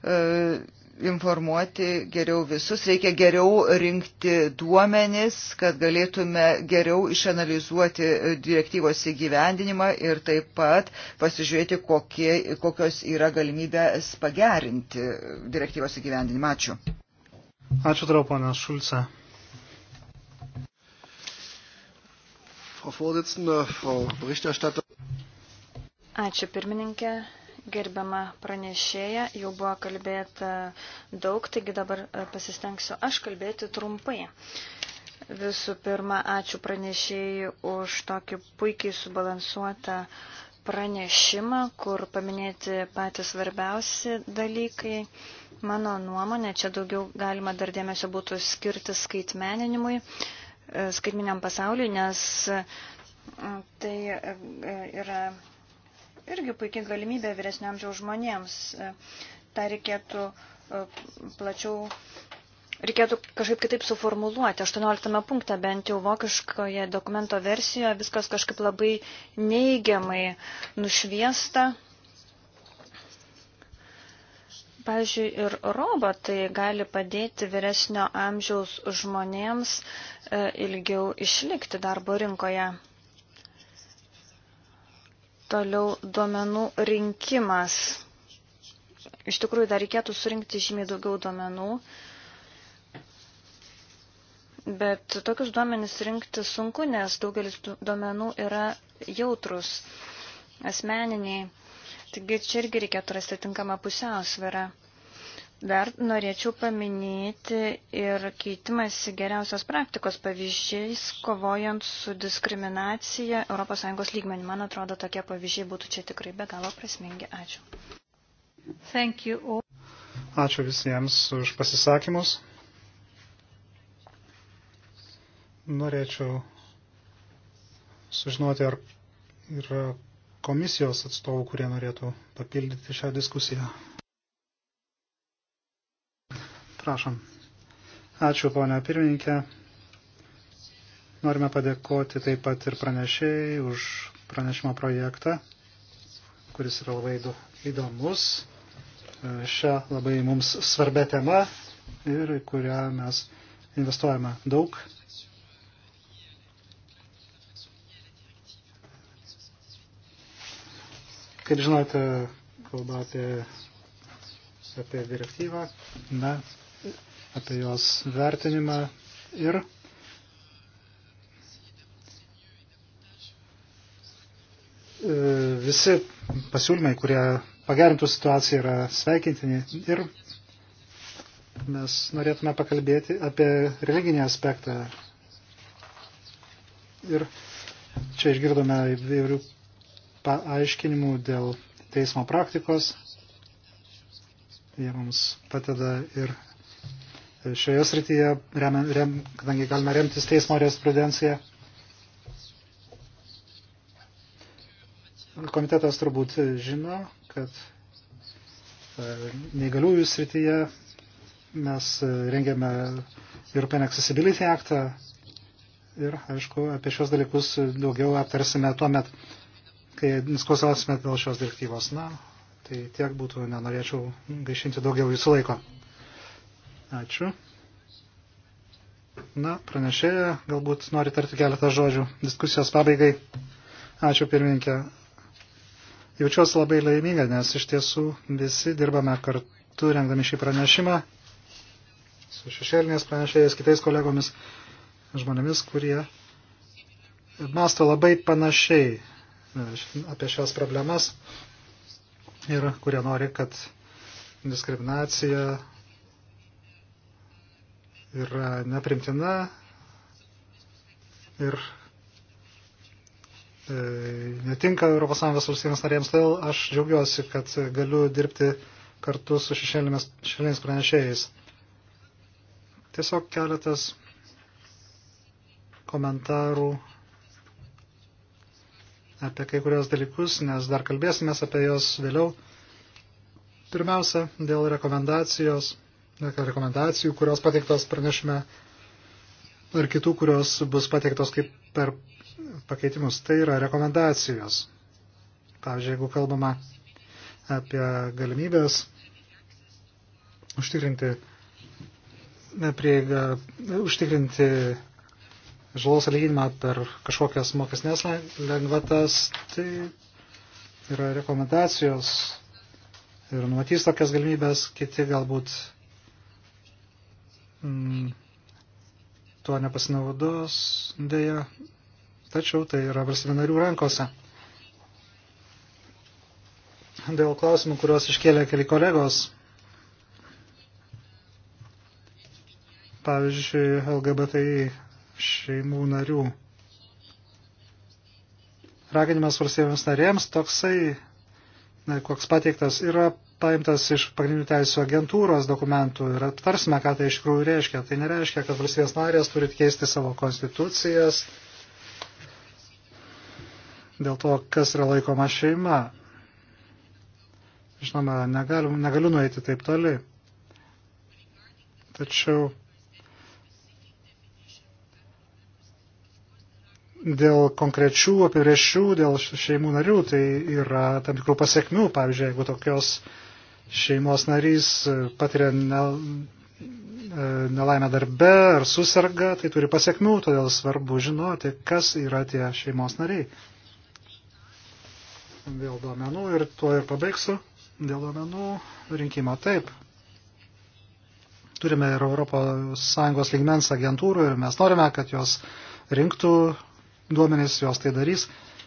e, informuoti geriau visus, reikia geriau rinkti duomenis, kad galėtume geriau išanalizuoti e, direktyvos įgyvendinimą ir taip pat pasižiūrėti, kokie, kokios yra galimybės pagerinti direktyvos įgyvendinimą. Ačiū. Ačiū tau, ponas Šulce. Frau Vorsitzende, Frau Berichterstatter. Ačiū pirmininkė, gerbiama pranešėja, jau buvo kalbėta daug, taigi dabar e, pasistengsiu aš kalbėti trumpai. Visų pirma, ačiū pranešėjai už tokį puikiai subalansuotą pranešimą, kur paminėti patys svarbiausi dalykai. Mano nuomonė, čia daugiau galima dar dėmesio būtų skirti skaitmeninimui, e, skaitminiam pasauliui, nes tai e, yra irgi puikiai galimybė vyresniamžiaus žmonėms. E, Ta reikėtų e, plačiau, reikėtų kažkaip kitaip suformuluoti. 18 punkte bent jau vokiškoje dokumento versijoje viskas kažkaip labai neigiamai nušviesta. Pavyzdžiui, ir robotai gali padėti vyresnio amžiaus žmonėms e, ilgiau išlikti darbo rinkoje. Toliau duomenų rinkimas. Iš tikrųjų, dar reikėtų surinkti žymiai daugiau duomenų, bet tokius duomenis rinkti sunku, nes daugelis duomenų yra jautrus, asmeniniai. Taigi čia irgi reikėtų rasti tinkamą pusiausvyrą. Dar norėčiau paminėti ir keitimąsi geriausios praktikos pavyzdžiais, kovojant su diskriminacija ES lygmenį. Man atrodo, tokie pavyzdžiai būtų čia tikrai be galo prasmingi. Ačiū. Ačiū visiems už pasisakymus. Norėčiau sužinoti, ar yra komisijos atstovų, kurie norėtų papildyti šią diskusiją. Prašom. Ačiū, ponia pirmininkė. Norime padėkoti taip pat ir pranešėjai už pranešimo projektą, kuris yra labai įdomus. E, Šią labai mums svarbia tema ir kurią mes investuojame daug. Kaip žinote, kalba apie, apie direktyvą. Na, apie jos vertinimą ir e, visi pasiūlymai, kurie pagerintų situaciją, yra sveikintini ir mes norėtume pakalbėti apie religinį aspektą. Ir čia išgirdome įvairių paaiškinimų dėl teismo praktikos. Jie mums padeda ir šioje srityje, rem, rem, kadangi galime remtis teismo jurisprudenciją. Komitetas turbūt žino, kad e, neįgaliųjų srityje mes e, rengėme European Accessibility Actą ir, aišku, apie šios dalykus daugiau aptarsime tuo met, kai diskusuosime dėl šios direktyvos. Na, tai tiek būtų, nenorėčiau gaišinti daugiau jūsų laiko. Ačiū. Na, pranešėja, galbūt nori tarti keletą žodžių diskusijos pabaigai. Ačiū pirmininkė. Jaučiuosi labai laiminga, nes iš tiesų visi dirbame kartu, rengdami šį pranešimą su šešėlinės pranešėjais, kitais kolegomis, žmonėmis, kurie masto labai panašiai e, apie šias problemas ir kurie nori, kad diskriminacija yra neprimtina ir e, netinka ES valstybės narėms. Todėl aš džiaugiuosi, kad galiu dirbti kartu su šešėliniais pranešėjais. Tiesiog keletas komentarų apie kai kurios dalykus, nes dar kalbėsime apie juos vėliau. Pirmiausia, dėl rekomendacijos rekomendacijų, kurios pateiktos pranešime, ir kitų, kurios bus pateiktos kaip per pakeitimus. Tai yra rekomendacijos. Pavyzdžiui, jeigu kalbama apie galimybės užtikrinti prieigą, užtikrinti žalos atlyginimą per kažkokias mokesnės lengvatas, tai yra rekomendacijos ir numatys tokias galimybės, kiti galbūt mm, tuo nepasinaudos dėja, tačiau tai yra valstybinarių rankose. Dėl klausimų, kuriuos iškėlė keli kolegos, pavyzdžiui, LGBTI šeimų narių. Raginimas valstybėms narėms toksai, ne, koks pateiktas, yra paimtas iš pagrindinių teisų agentūros dokumentų ir aptarsime, ką tai iš tikrųjų reiškia. Tai nereiškia, kad valstybės narės turi keisti savo konstitucijas dėl to, kas yra laikoma šeima. Žinoma, negaliu, negaliu nueiti taip toli. Tačiau dėl konkrečių apibrėžčių, dėl šeimų narių, tai yra tam tikrų pasiekmių, pavyzdžiui, jeigu tokios uh, šeimos narys e, patiria e, nelaimę darbe ar susirga, tai turi pasiekmių, todėl svarbu žinoti, kas yra tie šeimos nariai. Dėl duomenų ir tuo ir pabaigsiu. Dėl duomenų rinkimo taip. Turime ir ES lygmens agentūrų ir mes norime, kad jos rinktų duomenys, jos tai darys.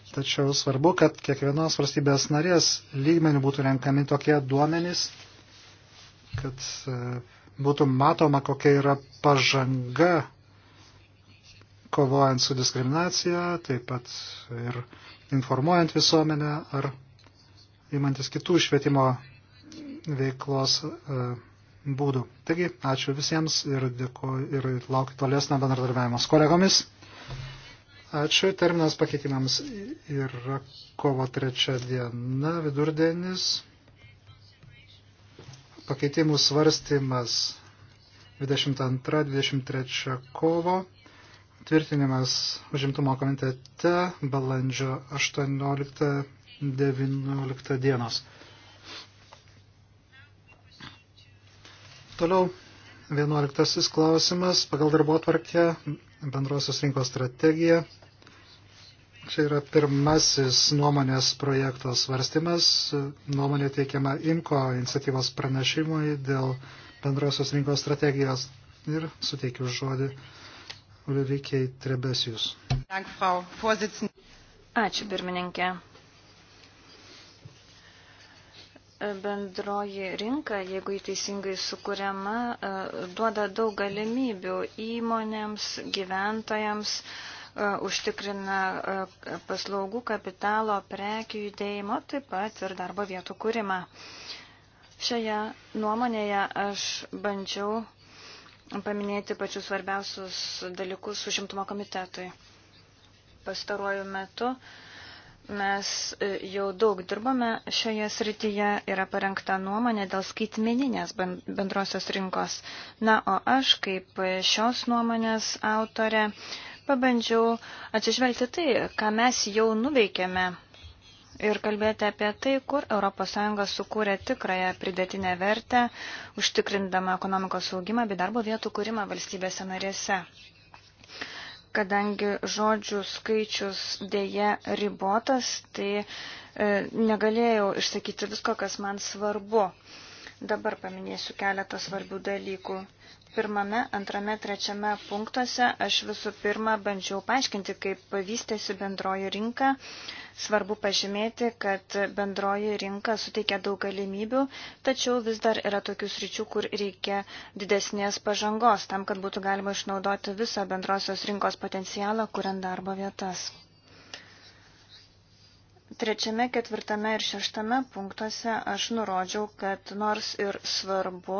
Tačiau svarbu, kad kiekvienos valstybės narės lygmenių būtų renkami tokie duomenys, kad e, būtų matoma, kokia yra pažanga kovojant su diskriminacija, taip pat ir informuojant visuomenę ar įmantis kitų švietimo veiklos e, būdų. Taigi, ačiū visiems ir, dėkuoju, ir laukiu tolesnio bendradarbiavimo su kolegomis. Ačiū. Terminas pakeitimams yra kovo trečia diena, vidurdienis. Pakeitimų svarstymas 22-23 kovo. Tvirtinimas užimtumo komitete balandžio 18-19 dienos. Toliau 11 klausimas pagal darbo tvarkę bendrosios rinkos strategiją. Čia yra pirmasis nuomonės projekto svarstymas. Nuomonė teikiama IMCO iniciatyvos pranešimui dėl bendrosios rinkos strategijos. Ir suteikiu žodį Ulrikiai Trebesijus. Ačiū, pirmininkė. bendroji rinka, jeigu jį teisingai sukūriama, e, duoda daug galimybių įmonėms, gyventojams, e, užtikrina e, paslaugų kapitalo, prekių judėjimo, taip pat ir darbo vietų kūrimą. Šioje nuomonėje aš bandžiau paminėti pačius svarbiausius dalykus užimtumo komitetui. Pastaruoju metu uh, Mes e, jau daug dirbame šioje srityje, yra parengta nuomonė dėl skaitmeninės bendrosios rinkos. Na, o aš kaip šios nuomonės autorė pabandžiau atsižvelgti tai, ką mes jau nuveikėme ir kalbėti apie tai, kur ES sukūrė tikrąją pridėtinę vertę, užtikrindama ekonomikos saugimą bei darbo vietų kūrimą valstybėse narėse kadangi žodžių skaičius dėje ribotas, tai e, negalėjau išsakyti visko, kas man svarbu. Dabar paminėsiu keletą svarbių dalykų pirmame, antrame, trečiame punktuose aš visų pirma bandžiau paaiškinti, kaip vystėsi bendroji rinka. Svarbu pažymėti, kad bendroji rinka suteikia daug galimybių, tačiau vis dar yra tokių sričių, kur reikia didesnės pažangos tam, kad būtų galima išnaudoti visą bendrosios rinkos potencialą, kuriant darbo vietas. Trečiame, ketvirtame ir šeštame punktuose aš nurodžiau, kad nors ir svarbu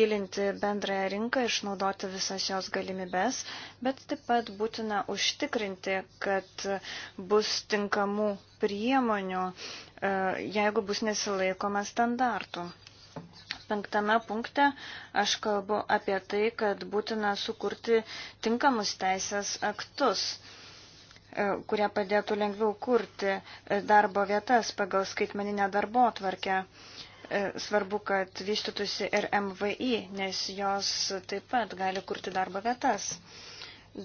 gilinti bendrąją rinką, išnaudoti visas jos galimybes, bet taip pat būtina užtikrinti, kad bus tinkamų priemonių, e, jeigu bus nesilaikoma standartų. Penktame punkte aš kalbu apie tai, kad būtina sukurti tinkamus teisės aktus E, kurie padėtų lengviau kurti e, darbo vietas pagal skaitmeninę darbo tvarkę. E, svarbu, kad vystytųsi ir MVI, nes jos taip pat gali kurti darbo vietas.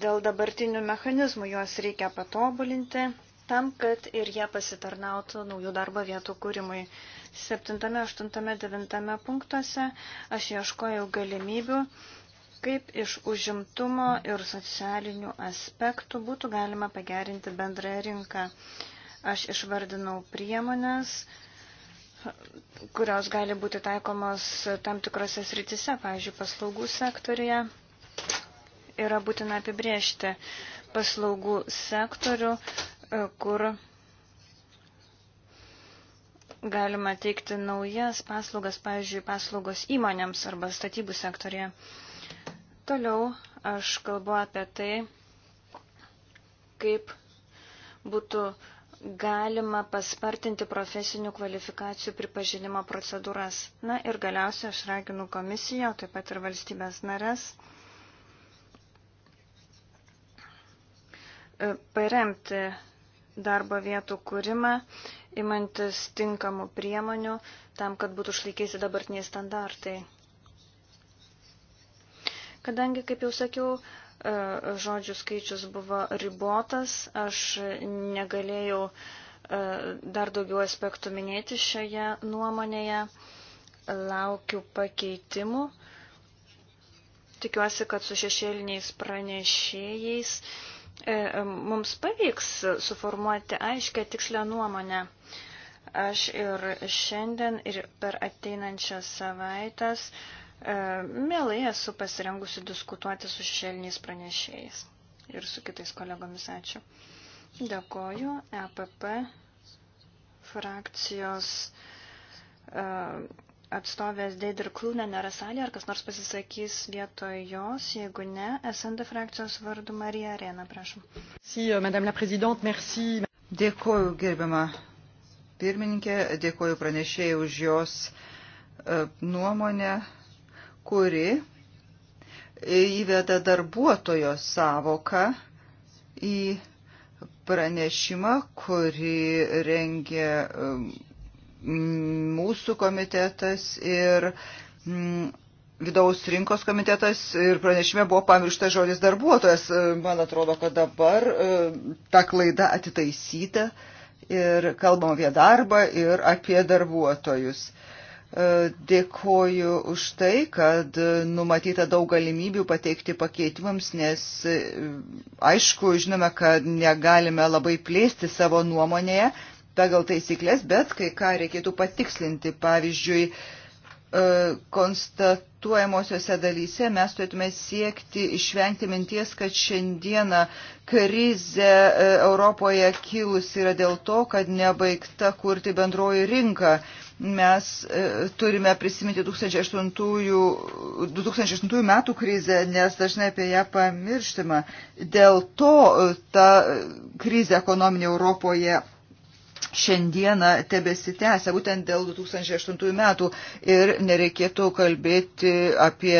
Dėl dabartinių mechanizmų juos reikia patobulinti tam, kad ir jie pasitarnautų naujų darbo vietų kūrimui. 7, 8, 9 punktuose aš ieškojau galimybių kaip iš užimtumo ir socialinių aspektų būtų galima pagerinti bendrąją rinką. Aš išvardinau priemonės, kurios gali būti taikomos tam tikrose sritise, pavyzdžiui, paslaugų sektorija. Yra būtina apibriežti paslaugų sektorių, kur galima teikti naujas paslaugas, pavyzdžiui, paslaugos įmonėms arba statybų sektorija. Toliau aš kalbu apie tai, kaip būtų galima paspartinti profesinių kvalifikacijų pripažinimo procedūras. Na ir galiausiai aš raginu komisiją, taip pat ir valstybės narės, e, paremti darbo vietų kūrimą, imantis tinkamų priemonių tam, kad būtų išlaikyti dabartiniai standartai. Kadangi, kaip jau sakiau, e, žodžių skaičius buvo ribotas, aš negalėjau e, dar daugiau aspektų minėti šioje nuomonėje. Laukiu pakeitimų. Tikiuosi, kad su šešėliniais pranešėjais e, mums pavyks suformuoti aiškę tikslę nuomonę. Aš ir šiandien, ir per ateinančias savaitės uh, E, mielai esu pasirengusi diskutuoti su šešėliniais pranešėjais ir su kitais kolegomis. Ačiū. Dėkoju EPP frakcijos e, atstovės Deidir Klūnė nėra salė, ar kas nors pasisakys vietoj jos, jeigu ne, SND frakcijos vardu Marija Arena, prašom. Si, euh, madame la présidente, merci. Dėkoju, gerbiama pirmininkė, dėkoju pranešėjai už jos e, nuomonę kuri įveda darbuotojo savoką į pranešimą, kurį rengė um, mūsų komitetas ir mm, vidaus rinkos komitetas ir pranešime buvo pamirštas žodis darbuotojas. Man atrodo, kad dabar um, ta klaida atitaisyta ir kalbam apie darbą ir apie darbuotojus. E, dėkoju už tai, kad numatyta daug galimybių pateikti pakeitimams, nes e, aišku, žinome, kad negalime labai plėsti savo nuomonėje pagal taisyklės, bet kai ką reikėtų patikslinti. Pavyzdžiui, e, konstatuojamosiose dalyse mes turėtume siekti išvengti minties, kad šiandieną krize Europoje kilus yra dėl to, kad nebaigta kurti bendroji rinka Mes e, turime prisiminti 2008, 2008 metų krizę, nes dažnai apie ją pamirštama. Dėl to e, ta krizė ekonominė Europoje šiandieną tebesitęsia, būtent dėl 2008 metų ir nereikėtų kalbėti apie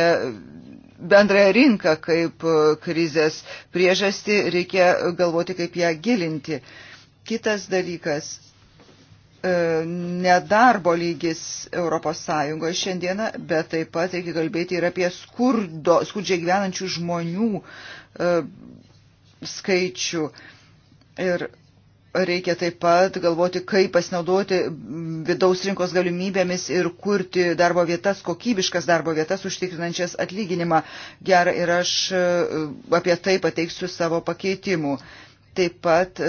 bendrąją rinką kaip e, krizės priežasti, reikia galvoti, kaip ją gilinti. Kitas dalykas E, nedarbo lygis Europos Sąjungoje šiandieną, bet taip pat reikia kalbėti ir apie skurdo, skurdžiai gyvenančių žmonių e, skaičių. Ir reikia taip pat galvoti, kaip pasinaudoti vidaus rinkos galimybėmis ir kurti darbo vietas, kokybiškas darbo vietas, užtikrinančias atlyginimą. Gerai, ir aš e, apie tai pateiksiu savo pakeitimų. E, Taip pat e,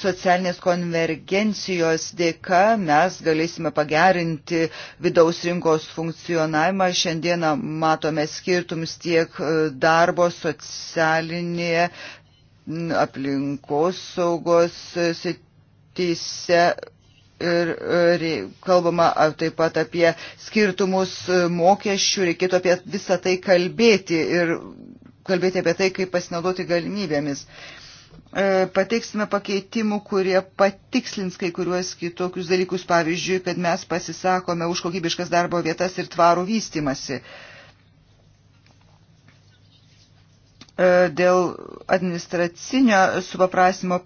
socialinės konvergencijos dėka mes galėsime pagerinti vidaus rinkos funkcionavimą. Šiandieną matome skirtumus tiek e, darbo socialinėje aplinkos saugos sityse ir e, kalbama taip pat apie skirtumus mokesčių, reikėtų apie visą tai kalbėti ir kalbėti apie tai, kaip pasinaudoti galimybėmis. Uh, E, pateiksime pakeitimų, kurie patikslins kai kuriuos kitokius dalykus, pavyzdžiui, kad mes pasisakome už kokybiškas darbo vietas ir tvarų vystimasi. E, dėl administracinio supaprasimo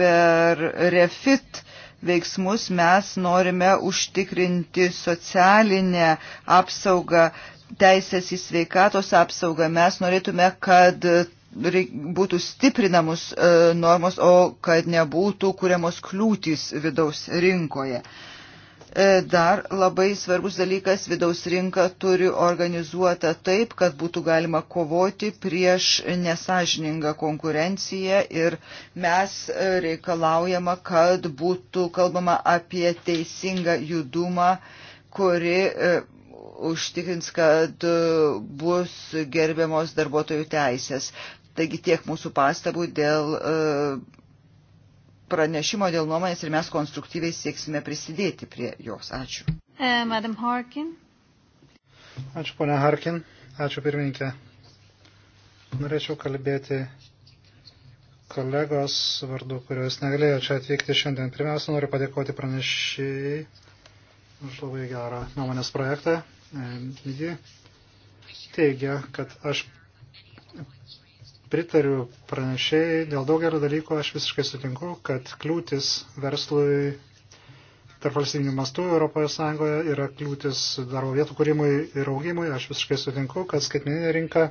per refit veiksmus mes norime užtikrinti socialinę apsaugą, teisės į sveikatos apsaugą. Mes norėtume, kad būtų stiprinamos e, normos, o kad nebūtų kuriamos kliūtys vidaus rinkoje. E, dar labai svarbus dalykas, vidaus rinka turi organizuota taip, kad būtų galima kovoti prieš nesažiningą konkurenciją ir mes e, reikalaujama, kad būtų kalbama apie teisingą judumą, kuri užtikrins, kad bus gerbiamos darbuotojų teisės. Taigi tiek mūsų pastabų dėl e, pranešimo, dėl nuomonės ir mes konstruktyviai sieksime prisidėti prie jos. Ačiū. E, Madam Harkin. Ačiū, ponia Harkin. Ačiū, pirmininkė. Norėčiau kalbėti kolegos vardu, kurios negalėjo čia atvykti šiandien. Pirmiausia, noriu padėkoti pranešėjai už labai gerą nuomonės projektą. E, ji teigia, kad aš pritariu pranešėjai, dėl daugelio dalykų aš visiškai sutinku, kad kliūtis verslui tarp valstybinių mastų ES yra kliūtis darbo vietų kūrimui ir augimui. Aš visiškai sutinku, kad skaitmeninė rinka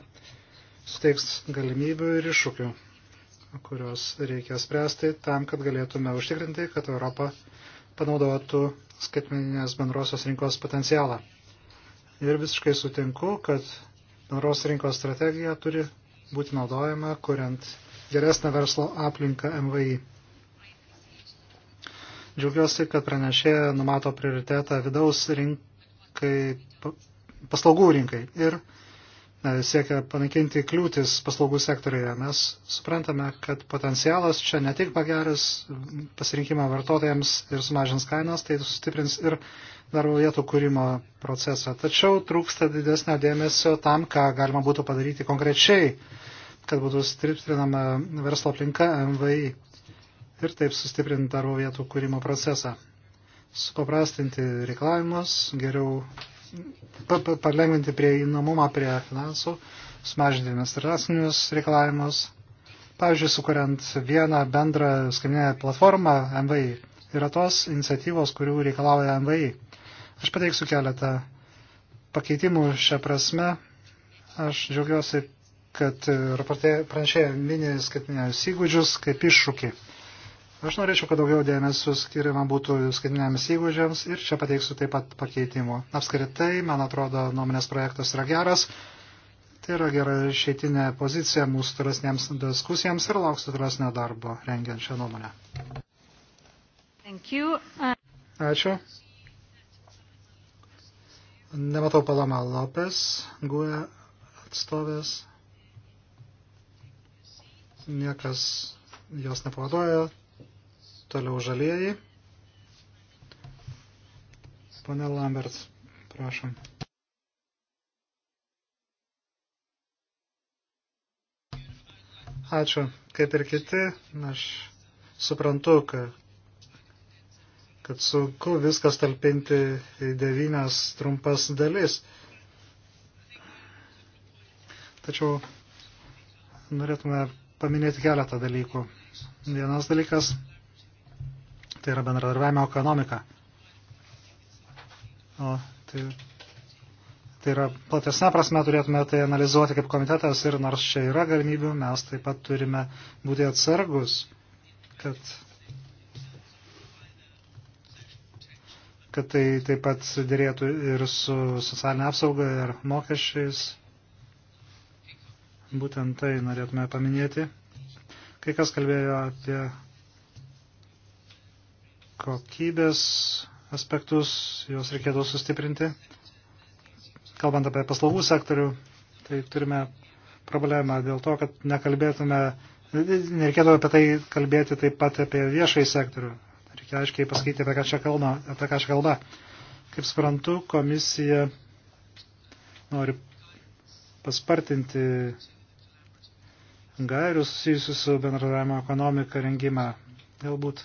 suteiks galimybių ir iššūkių, kuriuos reikia spręsti tam, kad galėtume užtikrinti, kad Europa panaudotų skaitmeninės bendrosios rinkos potencialą. Ir visiškai sutinku, kad bendros rinkos strategija turi būti naudojama, kuriant geresnę verslo aplinką MVI. Džiaugiuosi, kad pranešė numato prioritetą vidaus rinkai, paslaugų rinkai ir e, siekia panaikinti kliūtis paslaugų sektorijoje. Mes suprantame, kad potencialas čia ne tik pageris pasirinkimą vartotojams ir sumažins kainas, tai sustiprins ir darbo vietų kūrimo procesą. Tačiau trūksta didesnio dėmesio tam, ką galima būtų padaryti konkrečiai kad būtų stiprinama verslo aplinka MVI ir taip sustiprinti darbo vietų kūrimo procesą. Supaprastinti reikalavimus, geriau pa, pa, palengvinti prieinamumą prie finansų, sumažinti administracinius reikalavimus. Pavyzdžiui, sukuriant vieną bendrą skaitinę platformą MVI yra tos iniciatyvos, kurių reikalauja MVI. Aš pateiksiu keletą pakeitimų šią prasme. Aš džiaugiuosi kad e, pranešėja mini skaitinius įgūdžius kaip iššūkį. Aš norėčiau, kad daugiau dėmesio skiriama būtų skaitiniams įgūdžiams ir čia pateiksiu taip pat pakeitimų. Apskritai, man atrodo, nuomonės projektas yra geras. Tai yra gera išeitinė pozicija mūsų tolesniems diskusijams ir lauksiu tolesnio darbo rengiant šią nuomonę. Uh, Ačiū. Nematau Paloma Lopes, GUE atstovės niekas jos nepavadojo. Toliau žalieji. Pane Lambert, prašom. Ačiū. Kaip ir kiti, aš suprantu, kad, kad sunku viskas talpinti į devynias trumpas dalis. Tačiau norėtume paminėti keletą dalykų. Vienas dalykas tai yra bendradarbiavimo ekonomika. O tai, tai yra platesnė prasme turėtume tai analizuoti kaip komitetas ir nors čia yra galimybių, mes taip pat turime būti atsargus, kad, kad tai taip pat dėrėtų ir su socialinė apsauga ir mokesčiais Būtent tai norėtume paminėti. Kai kas kalbėjo apie kokybės aspektus, juos reikėtų sustiprinti. Kalbant apie paslaugų sektorių, tai turime problemą dėl to, kad nekalbėtume, nereikėtų apie tai kalbėti taip pat apie viešai sektorių. Reikia aiškiai pasakyti, apie ką čia kalba. Apie ką čia kalba. Kaip suprantu, komisija nori paspartinti gairių susijusių su bendradarbiavimo ekonomika rengimą. Galbūt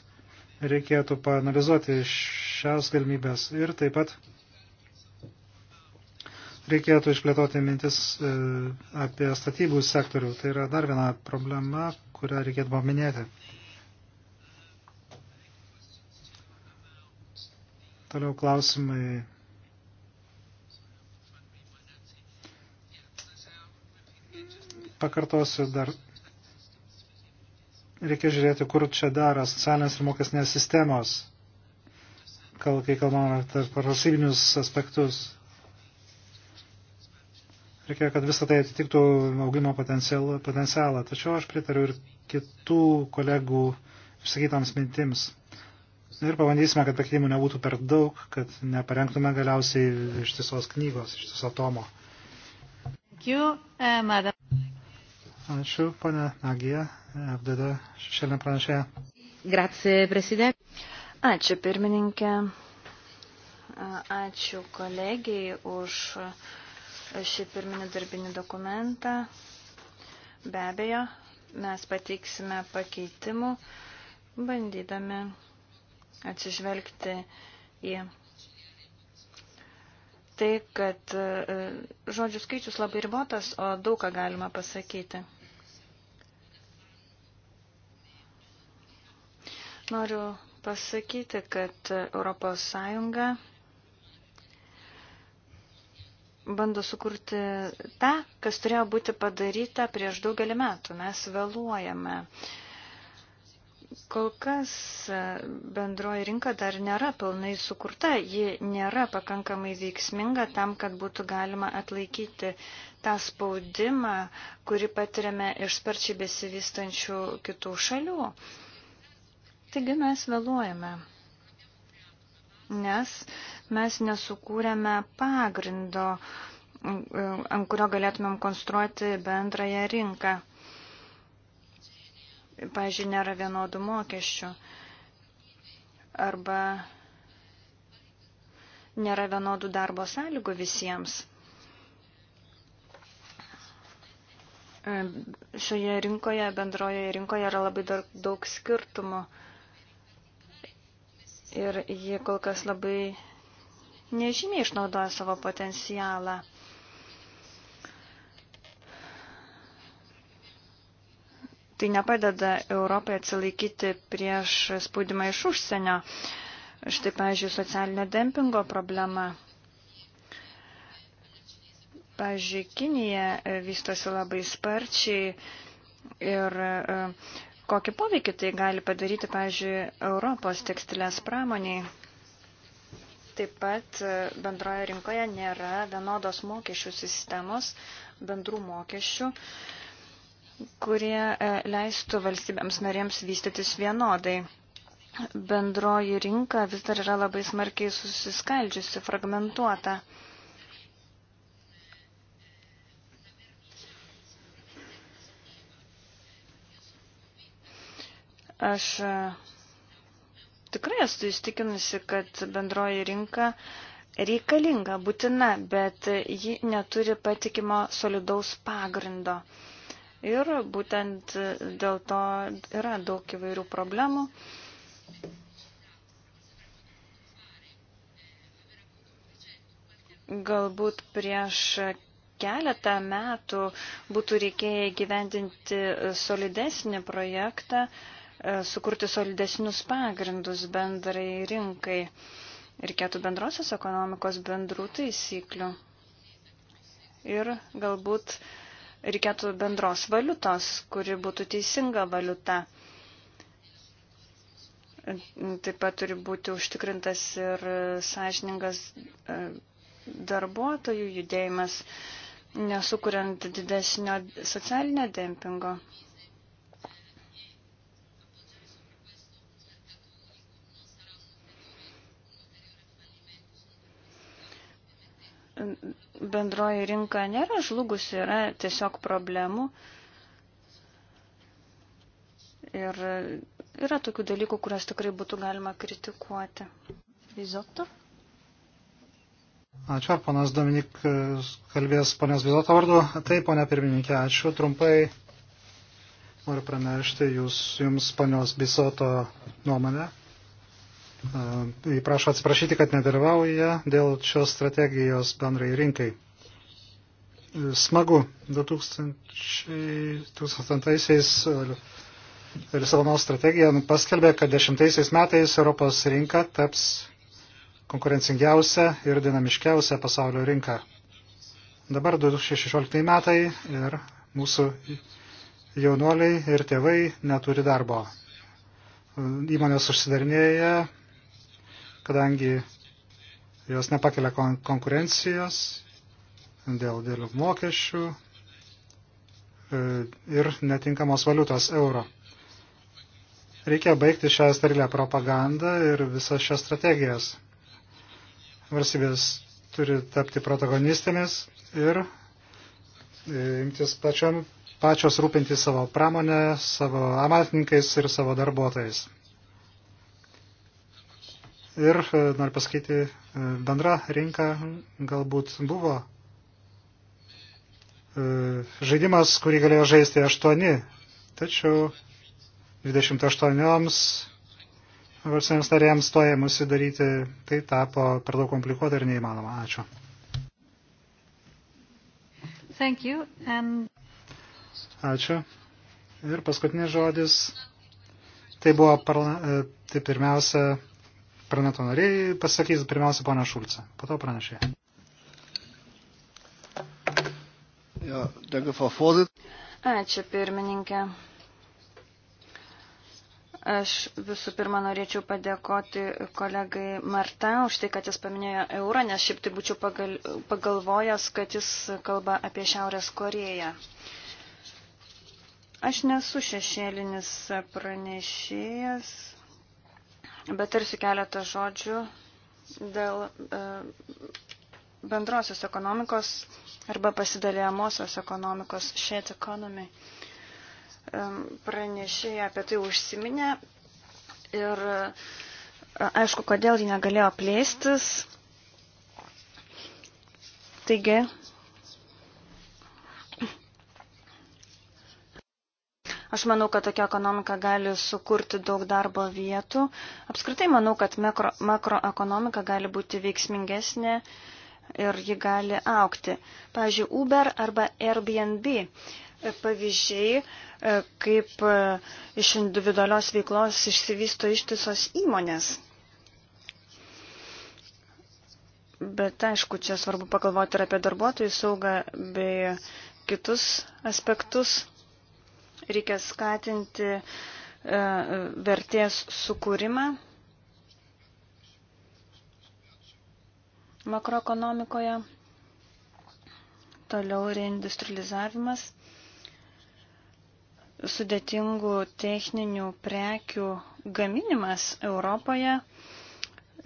reikėtų panalizuoti šias galimybės ir taip pat reikėtų išplėtoti mintis e, apie statybų sektorių. Tai yra dar viena problema, kurią reikėtų paminėti. Toliau klausimai. Pakartosiu dar reikia žiūrėti, kur čia daro socialinės ir mokesnės sistemos, kal, kai kalbame apie parasybinius aspektus. Reikia, kad visą tai atitiktų augimo potencialą, potencialą. Tačiau aš pritariu ir kitų kolegų išsakytams mintims. Ir pabandysime, kad pakeitimų nebūtų per daug, kad neparengtume galiausiai ištisos knygos, ištiso tomo. You, uh, Ačiū, pana Nagija, FDD šešėlinė pranešėja. Grazie, prezident. Ačiū, pirmininkė. Ačiū kolegijai už šį pirminį darbinį dokumentą. Be abejo, mes pateiksime pakeitimų, bandydami atsižvelgti į tai, kad žodžių skaičius labai ribotas, o daug ką galima pasakyti. Noriu pasakyti, kad ES bando sukurti tą, kas turėjo būti padaryta prieš daugelį metų. Mes vėluojame. Kol kas e, bendroji rinka dar nėra pilnai sukurta, ji nėra pakankamai veiksminga tam, kad būtų galima atlaikyti tą spaudimą, kurį patiriame iš sparčiai besivystančių kitų šalių. Taigi mes vėluojame, nes mes nesukūrėme pagrindo, ant kurio galėtumėm konstruoti bendrąją rinką. Pavyzdžiui, nėra vienodų mokesčių arba nėra vienodų darbo sąlygų visiems. Šioje rinkoje, bendroje rinkoje yra labai daug skirtumų ir ji kol kas labai nežymiai išnaudoja savo potencialą. Tai nepadeda Europai atsilaikyti prieš spaudimą iš užsienio. Štai, pavyzdžiui, socialinio dempingo problema. Pavyzdžiui, Kinija vystosi labai sparčiai ir e, kokį poveikį tai gali padaryti, pavyzdžiui, Europos tekstilės pramoniai. Taip pat e, bendroje rinkoje nėra vienodos mokesčių sistemos, bendrų mokesčių, kurie e, leistų valstybėms narėms vystytis vienodai. Bendroji rinka vis dar yra labai smarkiai susiskaldžiusi, fragmentuota. Aš e, tikrai esu įstikinusi, kad bendroji rinka reikalinga, būtina, bet ji neturi patikimo solidaus pagrindo. Ir būtent dėl to yra daug įvairių problemų. Galbūt prieš keletą metų būtų reikėję gyvendinti solidesnį projektą, uh, E, sukurti solidesnius pagrindus bendrai rinkai. Reikėtų bendrosios ekonomikos bendrų taisyklių. Ir galbūt reikėtų bendros valiutos, kuri būtų teisinga valiuta. Taip pat turi būti užtikrintas ir sąžiningas e, darbuotojų judėjimas, nesukuriant didesnio socialinio dempingo. bendroji rinka nėra žlugusi, yra tiesiog problemų. Ir yra tokių dalykų, kurias tikrai būtų galima kritikuoti. Vizoto? Ačiū, ar ponas Dominik e, kalbės ponios Vizoto vardu? Taip, ponia pirmininkė, ačiū. Trumpai noriu pranešti jūs, jums ponios Vizoto nuomonę. Tai prašo atsiprašyti, kad nedalyvauja dėl šios strategijos bendrai rinkai. Smagu, 2000-aisiais Lisabonos strategija paskelbė, kad 10 metais Europos rinka taps konkurencingiausia ir dinamiškiausia pasaulio rinka. Dabar 2016 metai ir mūsų jaunoliai ir tėvai neturi darbo. Įmonės užsidarnėja, kadangi jos nepakelia kon konkurencijos dėl dėlių mokesčių e, ir netinkamos valiutos euro. Reikia baigti šią sterilę propagandą ir visas šias strategijas. Varsybės turi tapti protagonistėmis ir e, imtis pačiom, pačios rūpinti savo pramonę, savo amatininkais ir savo darbuotojais. Ir e, noriu pasakyti, e, bendra rinka galbūt buvo e, žaidimas, kurį galėjo žaisti 8, tačiau 28 valstybėms narėms stojimus įdaryti, tai tapo per daug komplikuota ir neįmanoma. Ačiū. Thank you, and... Ačiū. Ir paskutinis žodis. Tai buvo, parla... tai pirmiausia, parlamento nariai pasakys pirmiausia poną Šulcą, po to pranešė. Ačiū pirmininkė. Aš visų pirma norėčiau padėkoti kolegai Marta už tai, kad jis paminėjo eurą, nes šiaip tai būčiau pagal, pagalvojęs, kad jis kalba apie Šiaurės Koreją. Aš nesu šešėlinis pranešėjas bet tarsi keletą žodžių dėl e, bendrosios ekonomikos arba pasidalėjamosios ekonomikos shared economy. E, Pranešėja apie tai užsiminė ir e, aišku, kodėl ji negalėjo plėstis. Taigi, Aš manau, kad tokia ekonomika gali sukurti daug darbo vietų. Apskritai manau, kad makro, makroekonomika gali būti veiksmingesnė ir ji gali aukti. Pavyzdžiui, Uber arba Airbnb pavyzdžiai, e, kaip e, iš individualios veiklos išsivysto ištisos įmonės. Bet aišku, čia svarbu pagalvoti ir apie darbuotojų saugą bei kitus aspektus. Reikia skatinti e, vertės sukūrimą makroekonomikoje. Toliau reindustrializavimas sudėtingų techninių prekių gaminimas Europoje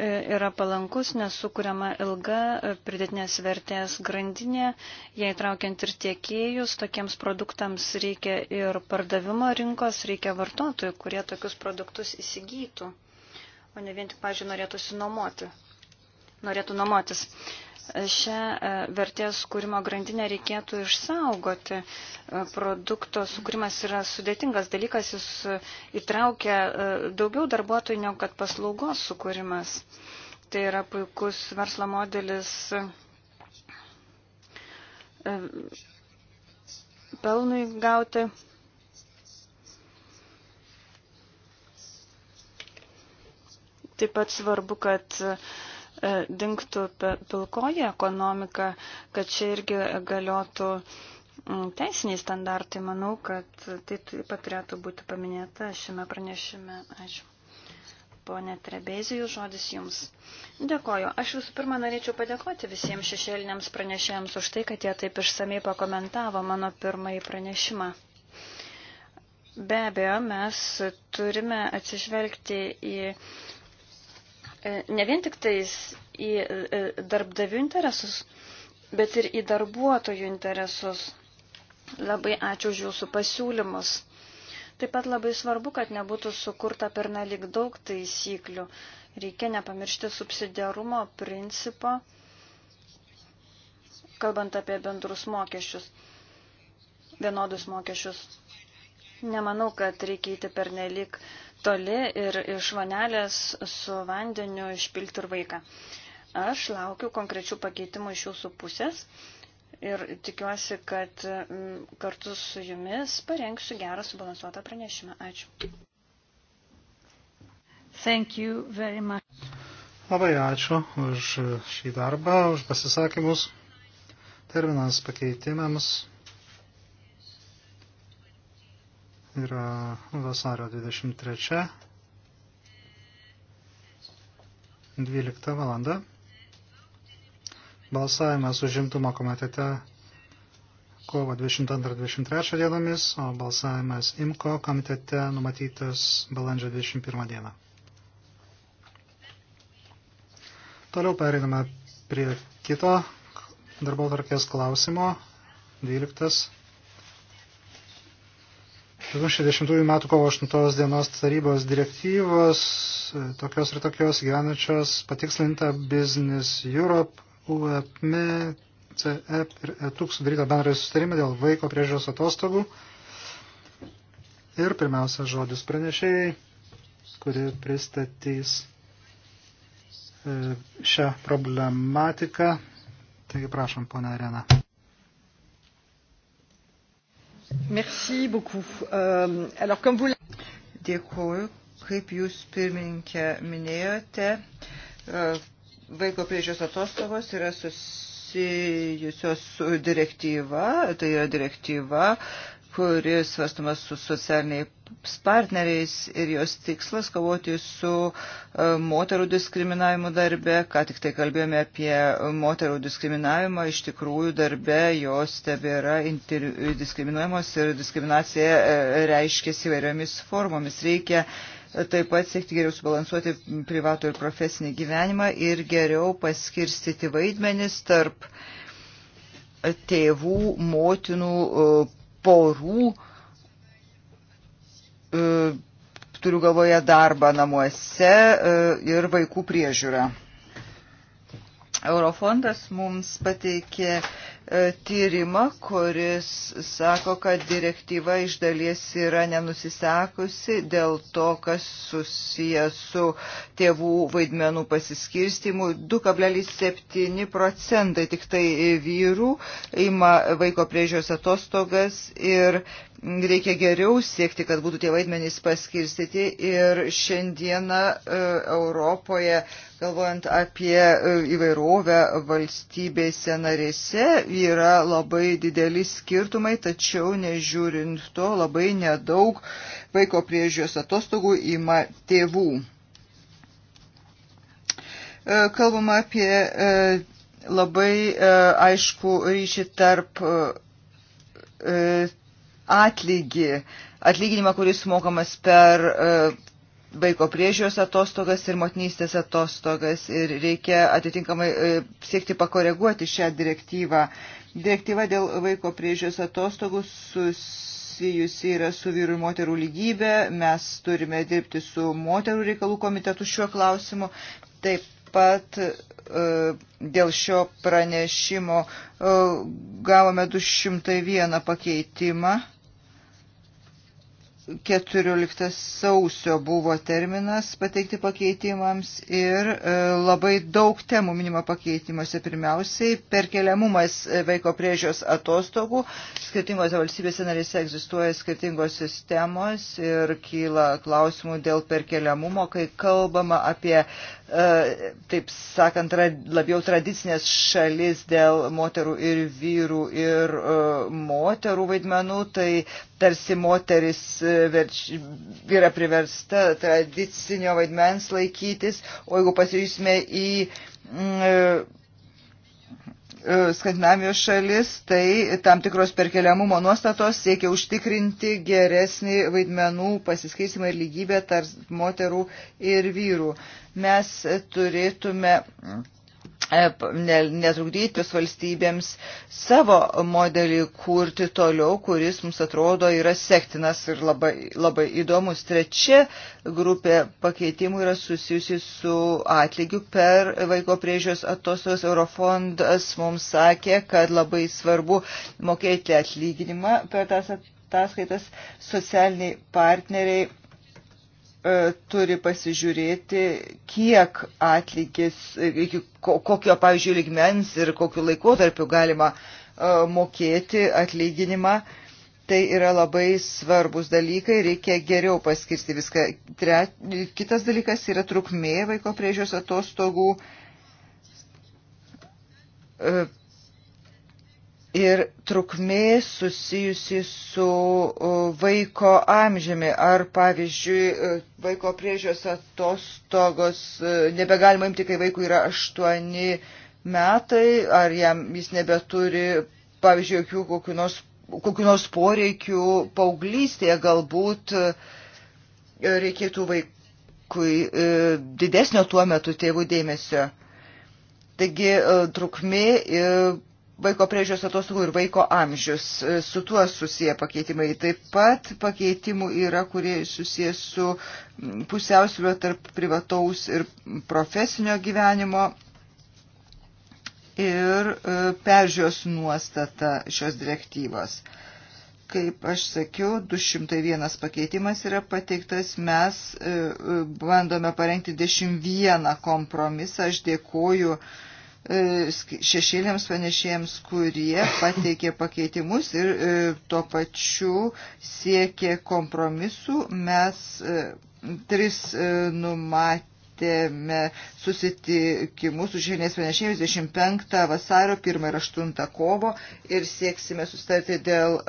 E, yra palankus, nes sukuriama ilga e, pridėtinės vertės grandinė, jei traukiant ir tiekėjus, tokiems produktams reikia ir pardavimo rinkos, reikia vartotojų, kurie tokius produktus įsigytų, o ne vien tik, pažiūrėjau, norėtų sinomoti, norėtų nuomotis šią e, vertės kūrimo grandinę reikėtų išsaugoti. E, produkto sukūrimas yra sudėtingas dalykas, jis e, įtraukia daugiau darbuotojų, negu kad paslaugos sukūrimas. Tai yra puikus verslo modelis pelnui gauti. Taip pat svarbu, kad uh, E, dinktų pilkoji ekonomika, kad čia irgi galiotų mm, teisiniai standartai. Manau, kad tai taip pat turėtų būti paminėta šiame pranešime. Ačiū. Pone Trebezijų, žodis Jums. Dėkoju. Aš visų pirma norėčiau padėkoti visiems šešėliniams pranešėjams už tai, kad jie taip išsamei pakomentavo mano pirmąjį pranešimą. Be abejo, mes turime atsižvelgti į E, ne vien tik tais į e, darbdavių interesus, bet ir į darbuotojų interesus. Labai ačiū už jūsų pasiūlymus. Taip pat labai svarbu, kad nebūtų sukurta pernelik daug taisyklių. Reikia nepamiršti subsidiarumo principo, kalbant apie bendrus mokesčius, vienodus mokesčius. Nemanau, kad reikia įti pernelik uh, toli ir iš vanelės su vandeniu išpilti ir vaiką. Aš laukiu konkrečių pakeitimų iš jūsų pusės ir tikiuosi, kad mm, kartu su jumis parengsiu gerą subalansuotą pranešimą. Ačiū. Thank you very much. Labai ačiū už šį darbą, už pasisakymus. Terminas pakeitimams yra vasario 23, 12 valanda. Balsavimas užimtumo komitete kovo 22-23 dienomis, o balsavimas IMKO komitete numatytas balandžio 21 dieną. Toliau pereiname prie kito darbo tvarkės klausimo, 12 60 metų kovo 8 dienos tarybos direktyvos, e, tokios ir tokios gyvenančios, patikslinta Business Europe, UEPME, CEP ir ETUK sudaryta bendrai sustarimą dėl vaiko priežiūros atostogų. Ir pirmiausia žodis pranešėjai, kuri pristatys e, šią problematiką. Taigi prašom, ponia Arena. Merci beaucoup. Euh, alors, comme vous... Dėkuoju. Kaip jūs pirmininkė minėjote, e, vaiko priežios atostogos yra susijusios su direktyva, tai yra direktyva kuris svarstamas su socialiniais partneriais ir jos tikslas kovoti su e, moterų diskriminavimu darbe. Ką tik tai kalbėjome apie moterų diskriminavimą, iš tikrųjų darbe jos tebėra diskriminuojamos ir diskriminacija e, reiškėsi įvairiomis formomis. Reikia e, taip pat siekti geriau subalansuoti privatų ir profesinį gyvenimą ir geriau paskirstyti vaidmenis tarp tėvų, motinų, porų, e, turiu galvoje darbą namuose e, ir vaikų priežiūrą. Eurofondas mums pateikė e, tyrimą, kuris sako, kad direktyva iš dalies yra nenusisekusi dėl to, kas susijęs su tėvų vaidmenų pasiskirstimu. 2,7 procentai tik tai vyrų ima vaiko priežios atostogas ir reikia geriau siekti, kad būtų tie vaidmenys paskirstyti ir šiandieną e, Europoje, galvojant apie e, įvairovę valstybėse narėse, yra labai dideli skirtumai, tačiau nežiūrint to labai nedaug vaiko priežiūros atostogų ima tėvų. E, kalbama apie labai aišku ryšį tarp atlygį, atlyginimą, kuris mokamas per e, vaiko priežiūros atostogas ir motinystės atostogas ir reikia atitinkamai e, siekti pakoreguoti šią direktyvą. Direktyva dėl vaiko priežiūros atostogų susijusi yra su vyrų ir moterų lygybė. Mes turime dirbti su moterų reikalų komitetu šiuo klausimu. Taip pat e, dėl šio pranešimo gavome 201 pakeitimą 14 sausio buvo terminas pateikti pakeitimams ir e, labai daug temų minima pakeitimuose. Pirmiausiai, perkeliamumas e, vaiko priežios atostogų. Skirtingose valstybėse narėse egzistuoja skirtingos sistemos ir kyla klausimų dėl perkeliamumo, kai kalbama apie E, taip sakant, labiau tradicinės šalis dėl moterų ir vyrų ir e, moterų vaidmenų, tai tarsi moteris e, verč, yra priversta tradicinio vaidmens laikytis, o jeigu pasižiūrėsime į. Mm, E, Skandinavijos šalis, tai tam tikros perkeliamumo nuostatos siekia užtikrinti geresnį vaidmenų pasiskaisimą ir lygybę tarp moterų ir vyrų. Mes turėtume E, netrukdytis valstybėms savo modelį kurti toliau, kuris mums atrodo yra sektinas ir labai, labai įdomus. Trečia grupė pakeitimų yra susijusi su atlygiu per vaiko priežios atostogos. Eurofondas mums sakė, kad labai svarbu mokėti atlyginimą per tas ataskaitas socialiniai partneriai E, turi pasižiūrėti, kiek atlygis, e, kokio, pavyzdžiui, ligmens ir kokiu laikotarpiu galima e, mokėti atlyginimą. Tai yra labai svarbus dalykai, reikia geriau paskirsti viską. Tre, kitas dalykas yra trukmė vaiko priežios atostogų ir trukmė susijusi su vaiko amžiumi, ar pavyzdžiui e, vaiko priežios atostogos e, nebegalima imti, kai vaikui yra aštuoni metai, ar jam jis nebeturi, pavyzdžiui, jokių kokių nors, kokių nors poreikių paauglystėje, galbūt e, reikėtų vaikui didesnio tuo metu tėvų dėmesio. Taigi trukmė vaiko priežios atostogų ir vaiko amžius. E, su tuo susiję pakeitimai. Taip pat pakeitimų yra, kurie susiję su pusiausvėlio tarp privataus ir profesinio gyvenimo ir e, peržios nuostata šios direktyvos. Kaip aš sakiau, 201 pakeitimas yra pateiktas, mes e, bandome parengti 101 kompromisą. Aš dėkoju uh, E, šešėliams panešėjams, kurie pateikė pakeitimus ir e, tuo pačiu siekė kompromisų. Mes e, tris numatėme susitikimus su šešėlės panešėjams 25 vasario, 1 ir 8 kovo ir sieksime sustarti dėl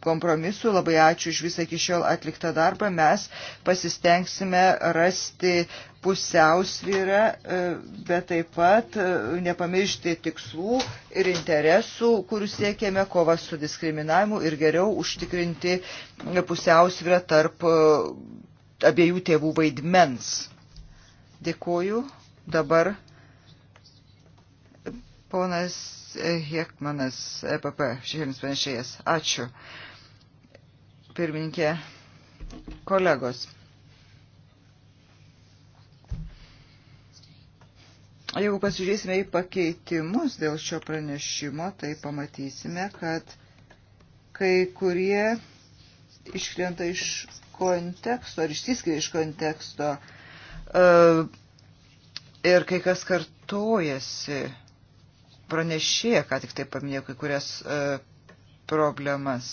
kompromisų. Labai ačiū už visą iki šiol atliktą darbą. Mes pasistengsime rasti pusiausvyrą, e, bet taip pat e, nepamiršti tikslų ir interesų, kurių siekėme kova su diskriminavimu ir geriau užtikrinti pusiausvyrą tarp e, abiejų tėvų vaidmens. Dėkuoju. Dabar ponas Hekmanas, EPP, šešėlis panašėjas. Ačiū. Pirminkė, kolegos. Jeigu pasižiūrėsime į pakeitimus dėl šio pranešimo, tai pamatysime, kad kai kurie iškrenta iš konteksto ar išsiskiria iš konteksto e, ir kai kas kartojasi pranešėja, ką tik tai paminėjo kai kurias e, problemas.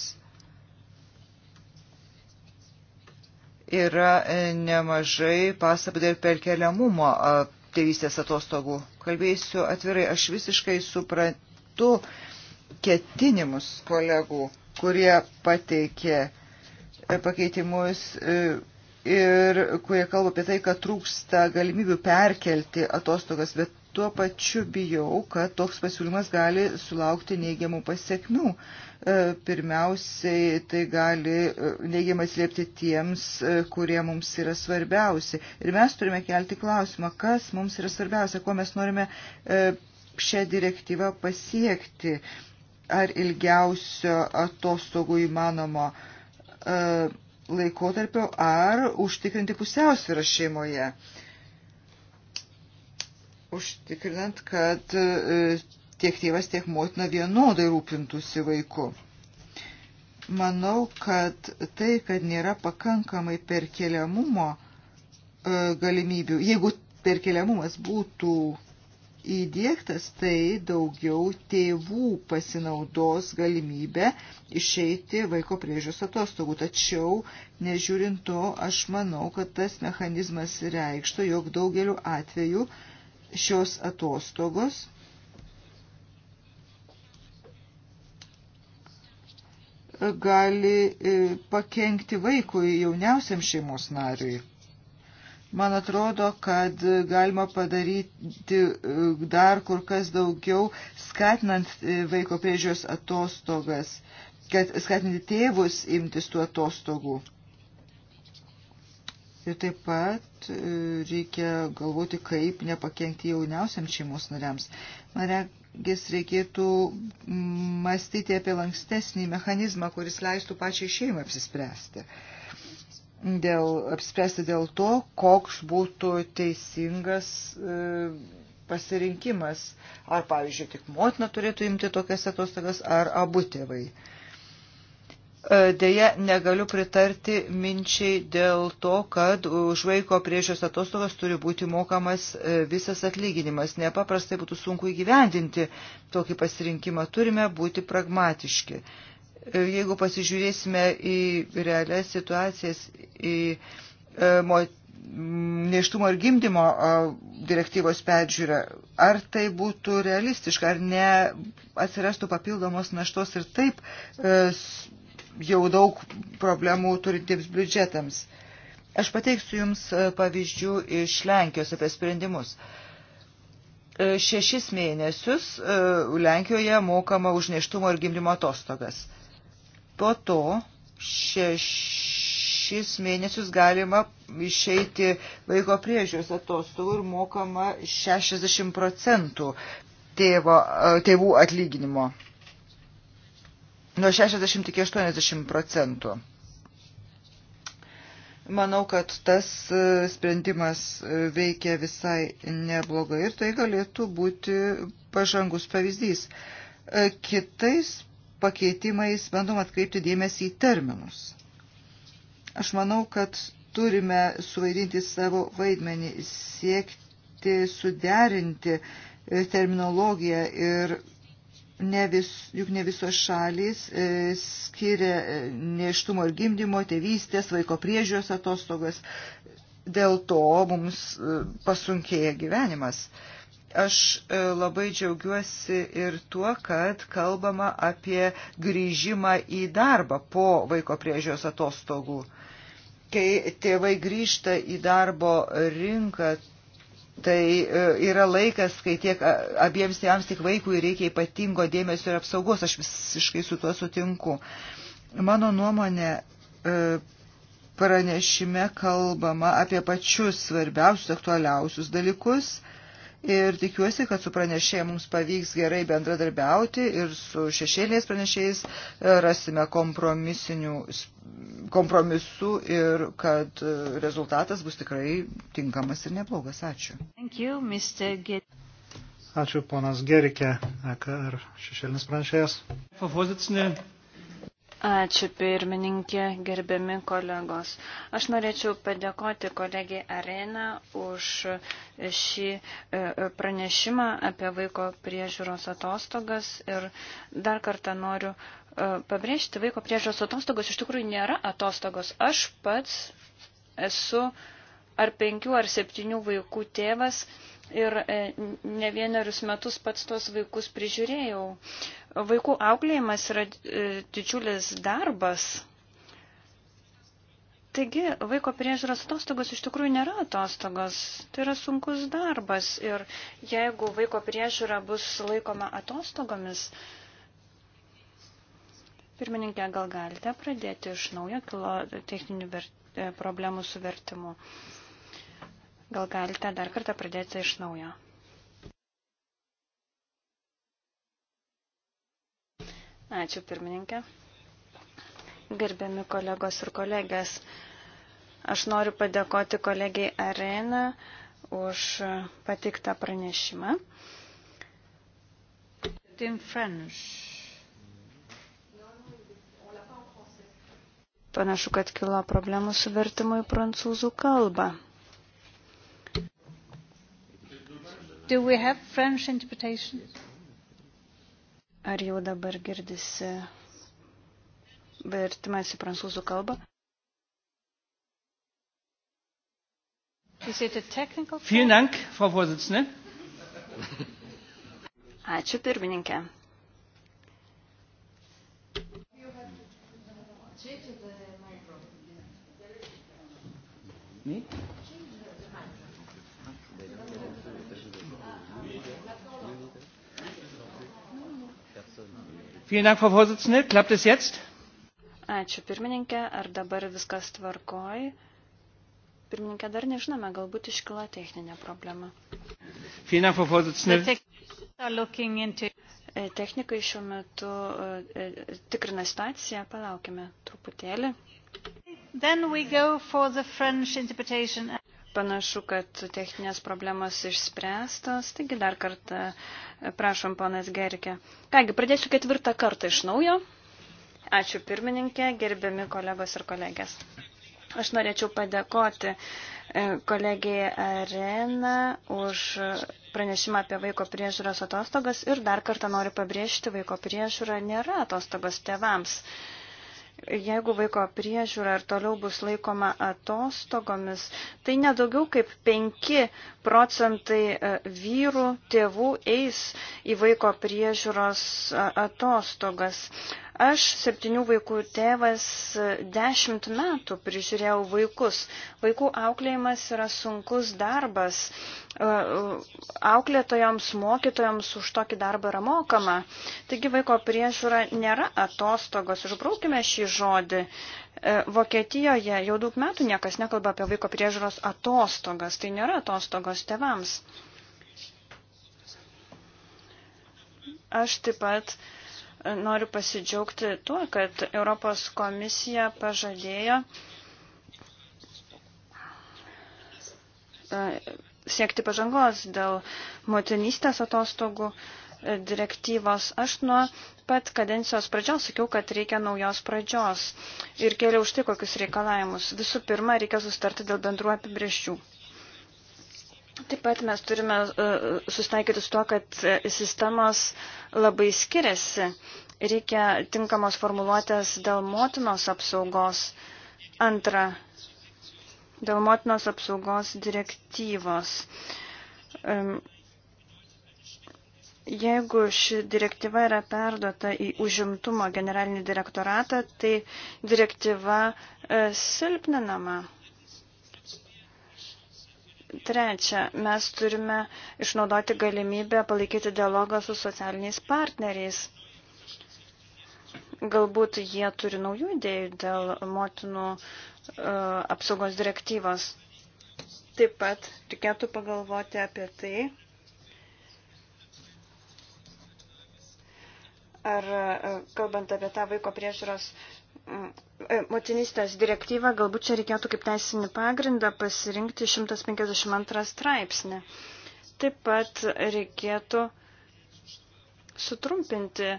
Yra e, nemažai pastabų dėl perkeliamumo tėvystės atostogų. Kalbėsiu atvirai, aš visiškai suprantu ketinimus kolegų, kurie pateikė e, pakeitimus e, ir kurie kalba apie tai, kad trūksta galimybių perkelti atostogas, bet tuo pačiu bijau, kad toks pasiūlymas gali sulaukti neigiamų pasiekmių. E, pirmiausiai tai gali e, neigiamai atsliepti tiems, e, kurie mums yra svarbiausi. Ir mes turime kelti klausimą, kas mums yra svarbiausia, ko mes norime šią direktyvą pasiekti. Ar ilgiausio atostogų įmanomo laikotarpio, ar užtikrinti pusiausvyrą šeimoje. Uh, užtikrinant, kad e, tiek tėvas, tiek motina vienodai rūpintųsi vaiku. Manau, kad tai, kad nėra pakankamai perkeliamumo e, galimybių, jeigu perkeliamumas būtų įdėktas, tai daugiau tėvų pasinaudos galimybę išeiti vaiko priežiūros atostogų. Tačiau, nežiūrint to, aš manau, kad tas mechanizmas reikštų, jog daugeliu atveju uh, šios atostogos gali e, pakengti vaikui jauniausiam šeimos nariui. Man atrodo, kad galima padaryti e, dar kur kas daugiau, skatinant e, vaiko priežios atostogas, kad skatinti tėvus imtis tų atostogų. Ir taip pat e, reikia galvoti, kaip nepakengti jauniausiams šeimos nariams. Man regis reikėtų mąstyti apie lankstesnį mechanizmą, kuris leistų pačiai šeimai apsispręsti. Dėl, apspręsti dėl to, koks būtų teisingas e, pasirinkimas. Ar, pavyzdžiui, tik motina turėtų imti tokias atostogas, ar abu tėvai. E, E, Deja, negaliu pritarti minčiai dėl to, kad už vaiko priežios atostogas turi būti mokamas e, visas atlyginimas. Nepaprastai būtų sunku įgyvendinti tokį pasirinkimą. Turime būti pragmatiški. E, jeigu pasižiūrėsime į realias situacijas, į neštumo ir gimdymo direktyvos peržiūrą, ar tai būtų realistiška, ar ne atsirastų papildomos naštos ir taip jau daug problemų turintiems biudžetams. Aš pateiksiu Jums e, pavyzdžių iš Lenkijos apie sprendimus. E, šešis mėnesius e, Lenkijoje mokama už neštumo ir gimdymo atostogas. Po to šešis mėnesius galima išeiti vaiko priežiūros atostogų ir mokama 60 procentų tėvo, tėvų atlyginimo nuo 60 iki 80 procentų. Manau, kad tas e, sprendimas e, veikia visai neblogai ir tai galėtų būti pažangus pavyzdys. E, kitais pakeitimais bandom atkreipti dėmesį į terminus. Aš manau, kad turime suvaidinti savo vaidmenį, siekti suderinti terminologiją ir ne vis, juk ne visos šalys e, skiria e, neštumo ir gimdymo, tėvystės, vaiko priežiūros atostogas. Dėl to mums e, pasunkėja gyvenimas. Aš e, labai džiaugiuosi ir tuo, kad kalbama apie grįžimą į darbą po vaiko priežiūros atostogų. Kai tėvai grįžta į darbo rinką, Tai e, yra laikas, kai tiek abiems tėvams, tiek vaikui reikia ypatingo dėmesio ir apsaugos. Aš visiškai su tuo sutinku. Mano nuomonė, e, pranešime kalbama apie pačius svarbiausius, aktualiausius dalykus ir tikiuosi, kad su pranešėjai mums pavyks gerai bendradarbiauti ir su šešėliniais pranešėjais e, rasime kompromisų ir kad e, rezultatas bus tikrai tinkamas ir neblogas. Ačiū. Thank you, Ačiū, ponas Gerikė, EKR šešėlinis pranešėjas. Ačiū pirmininkė, gerbiami kolegos. Aš norėčiau padėkoti kolegiai Arena už šį e, pranešimą apie vaiko priežiūros atostogas ir dar kartą noriu e, pabrėžti, vaiko priežiūros atostogos iš tikrųjų nėra atostogos. Aš pats esu ar penkių ar septynių vaikų tėvas ir e, ne vienerius metus pats tuos vaikus prižiūrėjau. Vaikų auklėjimas yra e, didžiulis darbas. Taigi, vaiko priežiūros atostogos iš tikrųjų nėra atostogos, tai yra sunkus darbas. Ir jeigu vaiko priežiūra bus laikoma atostogomis, pirmininkė, gal galite pradėti iš naujo, kilo techninių ver... E, problemų su vertimu. Gal galite dar kartą pradėti iš naujo. Ačiū pirmininkė. Gerbiami kolegos ir kolegės, aš noriu padėkoti kolegiai Arena už patiktą pranešimą. In French. Panašu, kad kilo problemų su vertimu į prancūzų kalbą. Do we have French interpretation? Yes. Ar jau dabar girdisi vertimas į prancūzų kalbą? Vielen Dank, Frau Vorsitzende. Ačiū pirmininkė. Me? Vielen Dank, Frau Vorsitzende. Klappt es jetzt? Ačiū pirmininkė, ar dabar viskas tvarkoj? Pirmininkė, dar nežinome, galbūt iškila techninė problema. Vielen Dank, Frau Vorsitzende. E, technikai šiuo metu e, e, tikrina situaciją, palaukime truputėlį. Then we go for the French interpretation. Panašu, kad techninės problemos išspręstos. Taigi dar kartą prašom, ponas Gerke. Kągi, pradėsiu ketvirtą kartą iš naujo. Ačiū pirmininkė, gerbiami kolegos ir kolegės. Aš norėčiau padėkoti e, kolegijai Arena už pranešimą apie vaiko priežiūros atostogas ir dar kartą noriu pabrėžti, vaiko priežiūra nėra atostogos tevams. Jeigu vaiko priežiūra ir toliau bus laikoma atostogomis, tai nedaugiau kaip 5 procentai e, vyrų tėvų eis į vaiko priežiūros e, atostogas. Aš septynių vaikų tėvas dešimt metų prižiūrėjau vaikus. Vaikų auklėjimas yra sunkus darbas. E, Auklėtojoms, mokytojoms už tokį darbą yra mokama. Taigi vaiko priežiūra nėra atostogos. Išbraukime šį žodį. E, Vokietijoje jau daug metų niekas nekalba apie vaiko priežiūros atostogas. Tai nėra atostogos tėvams. Aš taip pat uh, noriu pasidžiaugti tuo, kad Europos komisija pažadėjo e, siekti pažangos dėl motinystės atostogų e, direktyvos. Aš nuo pat kadencijos pradžios sakiau, kad reikia naujos pradžios ir kėliau už tai kokius reikalavimus. Visų pirma, reikia sustarti dėl bendruo apibrieščių. Taip pat mes turime e, susitaikyti su to, kad sistemos labai skiriasi. Reikia tinkamos formuluotės dėl motinos apsaugos. Antra, dėl motinos apsaugos direktyvos. Jeigu ši direktyva yra perduota į užimtumo generalinį direktoratą, tai direktyva e, silpninama. Trečia, mes turime išnaudoti galimybę palaikyti dialogą su socialiniais partneriais. Galbūt jie turi naujų idėjų dėl motinų e, apsaugos direktyvos. Taip pat reikėtų pagalvoti apie tai, ar e, kalbant apie tą vaiko priežiūros E, motinystės direktyvą, galbūt čia reikėtų kaip teisinį pagrindą pasirinkti 152 straipsnį. Taip pat reikėtų sutrumpinti e,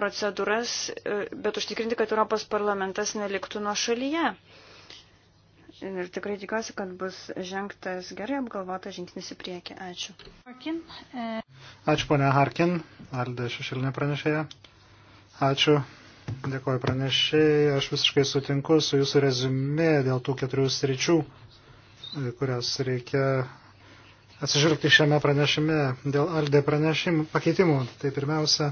procedūras, e, bet užtikrinti, kad Europos parlamentas neliktų nuo šalyje. Ir tikrai tikiuosi, kad bus žengtas gerai apgalvotas žingsnis į priekį. Ačiū. Harkin, e... Ačiū ponia Harkin, Aldė Šešilinė pranešėja. Ačiū. Dėkoju pranešėjai. Aš visiškai sutinku su jūsų rezumė dėl tų keturių sričių, e, kurias reikia atsižvelgti šiame pranešime. Dėl Aldė pranešimų pakeitimų. Tai pirmiausia,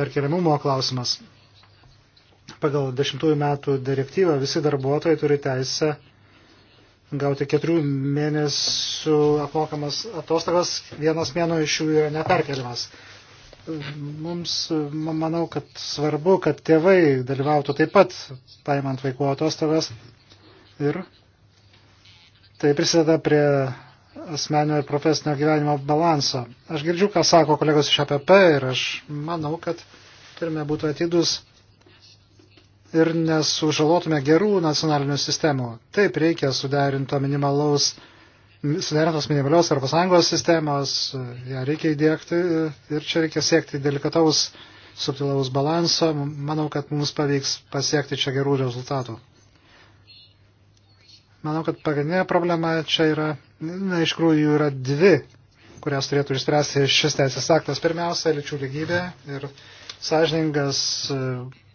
perkeliamumo klausimas. Pagal dešimtųjų metų direktyvą visi darbuotojai turi teisę gauti keturių mėnesių apmokamas atostogas, vienas mėnuo iš jų yra neperkeliamas. Mums, manau, kad svarbu, kad tėvai dalyvautų taip pat, paimant vaikų atostogas ir tai prisideda prie asmenio ir profesinio gyvenimo balanso. Aš girdžiu, ką sako kolegos iš APP ir aš manau, kad turime būti atidus ir nesužalotume gerų nacionalinių sistemų. Taip reikia suderinto minimalaus suderintos minimalios Europos Sąjungos sistemos, ją reikia įdėkti ir čia reikia siekti delikataus, subtilaus balanso. Manau, kad mums pavyks pasiekti čia gerų rezultatų. Manau, kad pagrindinė problema čia yra, na, iš tikrųjų yra dvi, kurias turėtų išspręsti šis teisės aktas. Pirmiausia, lyčių lygybė ir sąžiningas e,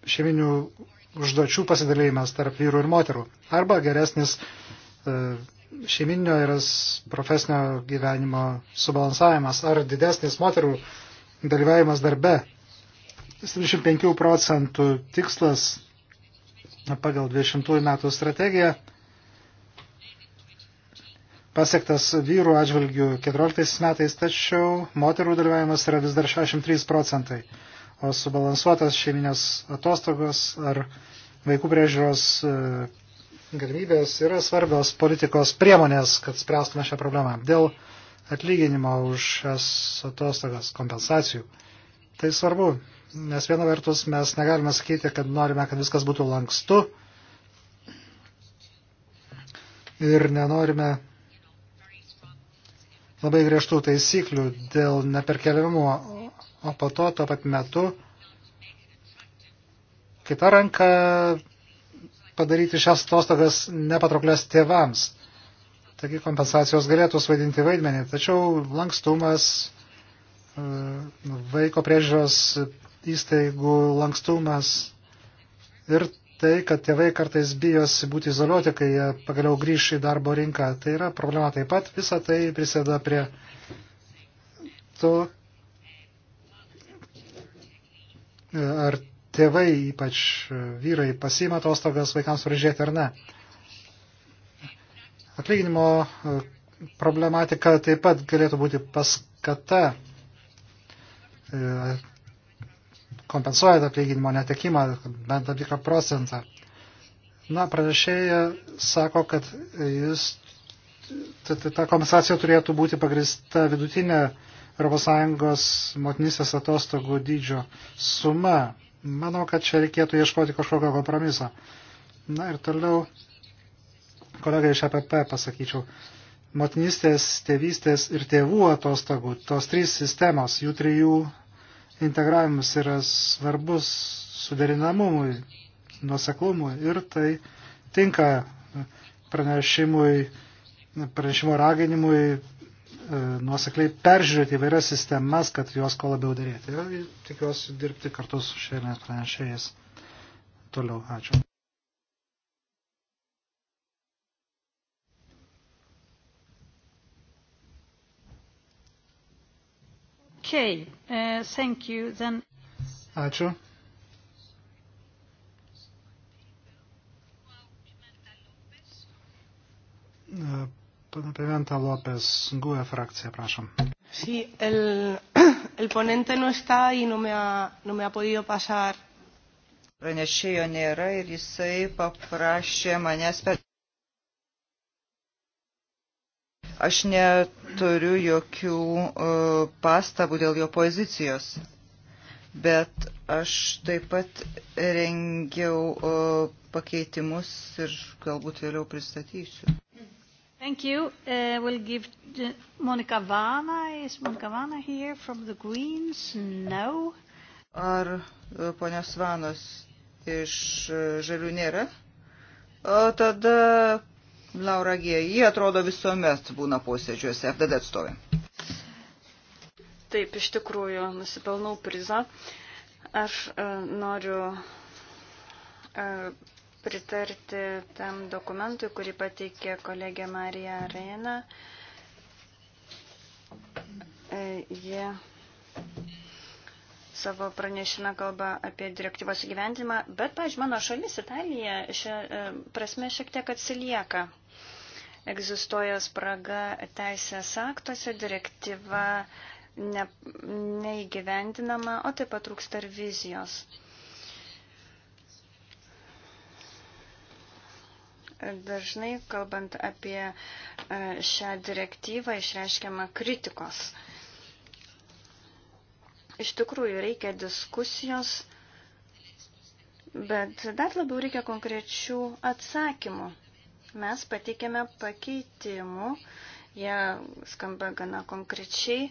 šeiminių užduočių pasidalėjimas tarp vyrų ir moterų. Arba geresnis e, šeiminio ir profesinio gyvenimo subalansavimas ar didesnis moterų dalyvavimas darbe. 75 procentų tikslas pagal 20 metų strategiją pasiektas vyrų atžvilgių 14 metais, tačiau moterų dalyvavimas yra vis dar 63 procentai, o subalansuotas šeiminės atostogos ar vaikų priežiūros e, galimybės yra svarbios politikos priemonės, kad spręstume šią problemą. Dėl atlyginimo už šias atostogas kompensacijų. Tai svarbu, nes viena vertus mes negalime sakyti, kad norime, kad viskas būtų lankstu ir nenorime labai griežtų taisyklių dėl neperkeliamų, o po to tuo pat metu kita ranka padaryti šias atostogas nepatrauklės tėvams. Taigi kompensacijos galėtų svaidinti vaidmenį, tačiau lankstumas, e, vaiko priežiūros įstaigų lankstumas ir tai, kad tėvai kartais bijosi būti izoliuoti, kai jie pagaliau grįš į darbo rinką, tai yra problema taip pat, visa tai prisėda prie to, ar tėvai, ypač vyrai, pasima atostogas vaikams varžėti ar ne. Atlyginimo e, problematika taip pat galėtų būti paskata e, kompensuojant atlyginimo netekimą bent tam tikrą procentą. Na, pranešėja sako, kad jis, ta kompensacija turėtų būti pagrista vidutinė ES motinysės atostogų dydžio suma. Manau, kad čia reikėtų ieškoti kažkokio kompromiso. Na ir toliau, kolega iš APP pasakyčiau, motinystės, tėvystės ir tėvų atostogų, tos trys sistemos, jų trijų integravimas yra svarbus suderinamumui, nuoseklumui ir tai tinka pranešimui, pranešimo raginimui E, nuosekliai peržiūrėti įvairias sistemas, kad juos ko labiau dėrėti. Ir tikiuosi dirbti kartu su šiandien pranešėjais. Toliau, ačiū. Okay, uh, thank you. Then... Ačiū. Uh, Pana Pimenta Lopes, GUE frakcija, prašom. Sí, el, el ponente no está y no me ha, no me ha podido pasar. Pranešėjo nėra ir jisai paprašė manęs per. Aš neturiu jokių uh, pastabų dėl jo pozicijos, bet aš taip pat rengiau uh, pakeitimus ir galbūt vėliau pristatysiu. Thank you. Uh, we'll give Monika Vana. Is Monika Vana here from the Greens? No. Ar uh, ponios Vanos iš uh, Žalių nėra? O tada Laura G. Ji atrodo visuomet būna posėdžiuose FDD atstovė. Taip, iš tikrųjų, nusipelnau prizą. Aš uh, noriu uh, pritarti tam dokumentui, kurį pateikė kolegė Marija Reina. E, jie savo pranešime kalba apie direktyvos įgyvendimą, bet, pažiūrėjau, mano šalis, Italija, šia e, prasme šiek tiek atsilieka. Egzistuoja spraga teisės aktuose, direktyva ne, neįgyvendinama, o taip pat trūksta ir vizijos. Dažnai, kalbant apie e, šią direktyvą, išreiškiama kritikos. Iš tikrųjų, reikia diskusijos, bet dar labiau reikia konkrečių atsakymų. Mes pateikėme pakeitimų, jie skamba gana konkrečiai.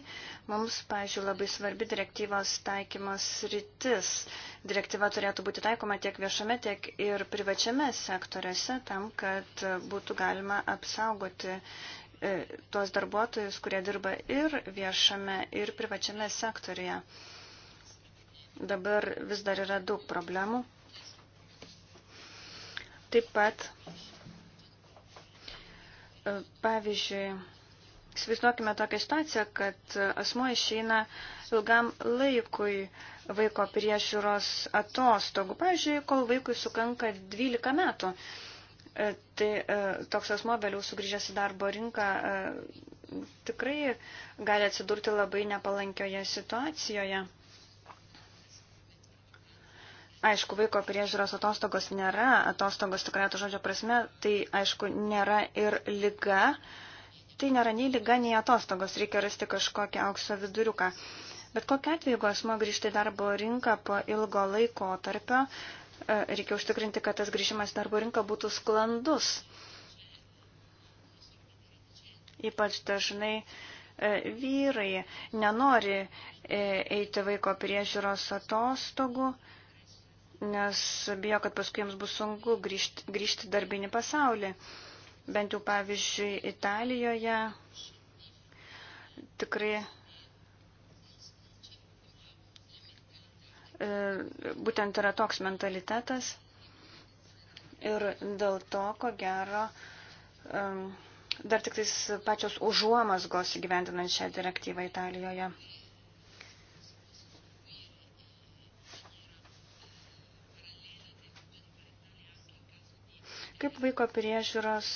Mums, pažiūrėjau, labai svarbi direktyvos taikymos rytis. Direktyva turėtų būti taikoma tiek viešame, tiek ir privačiame sektoriuose, tam, kad būtų galima apsaugoti e, tuos darbuotojus, kurie dirba ir viešame, ir privačiame sektoriuje. Dabar vis dar yra daug problemų. Taip pat, e, pavyzdžiui, Įsivaizduokime tokią situaciją, kad asmo išeina ilgam laikui vaiko priežiūros atostogų. Pavyzdžiui, kol vaikui sukanka 12 metų, e, tai e, toks asmo vėliau sugrįžęs į darbo rinką e, tikrai gali atsidurti labai nepalankioje situacijoje. Aišku, vaiko priežiūros atostogos nėra, atostogos tikrai to žodžio prasme, tai aišku, nėra ir lyga. Tai nėra nei lyga, nei atostogos, reikia rasti kažkokią aukso viduriuką. Bet kokia atveju, jeigu asmo grįžti į darbo rinką po ilgo laiko tarpio, e, reikia užtikrinti, kad tas grįžimas į darbo rinką būtų sklandus. Ypač dažnai e, vyrai nenori e, eiti vaiko priežiūros atostogų, nes bijo, kad paskui jiems bus sunku grįžti, grįžti darbinį pasaulį. Bent jau pavyzdžiui Italijoje tikrai e, būtent yra toks mentalitetas ir dėl to, ko gero, e, dar tik tais pačios užuomasgos įgyvendinant šią direktyvą Italijoje. Kaip vaiko priežiūros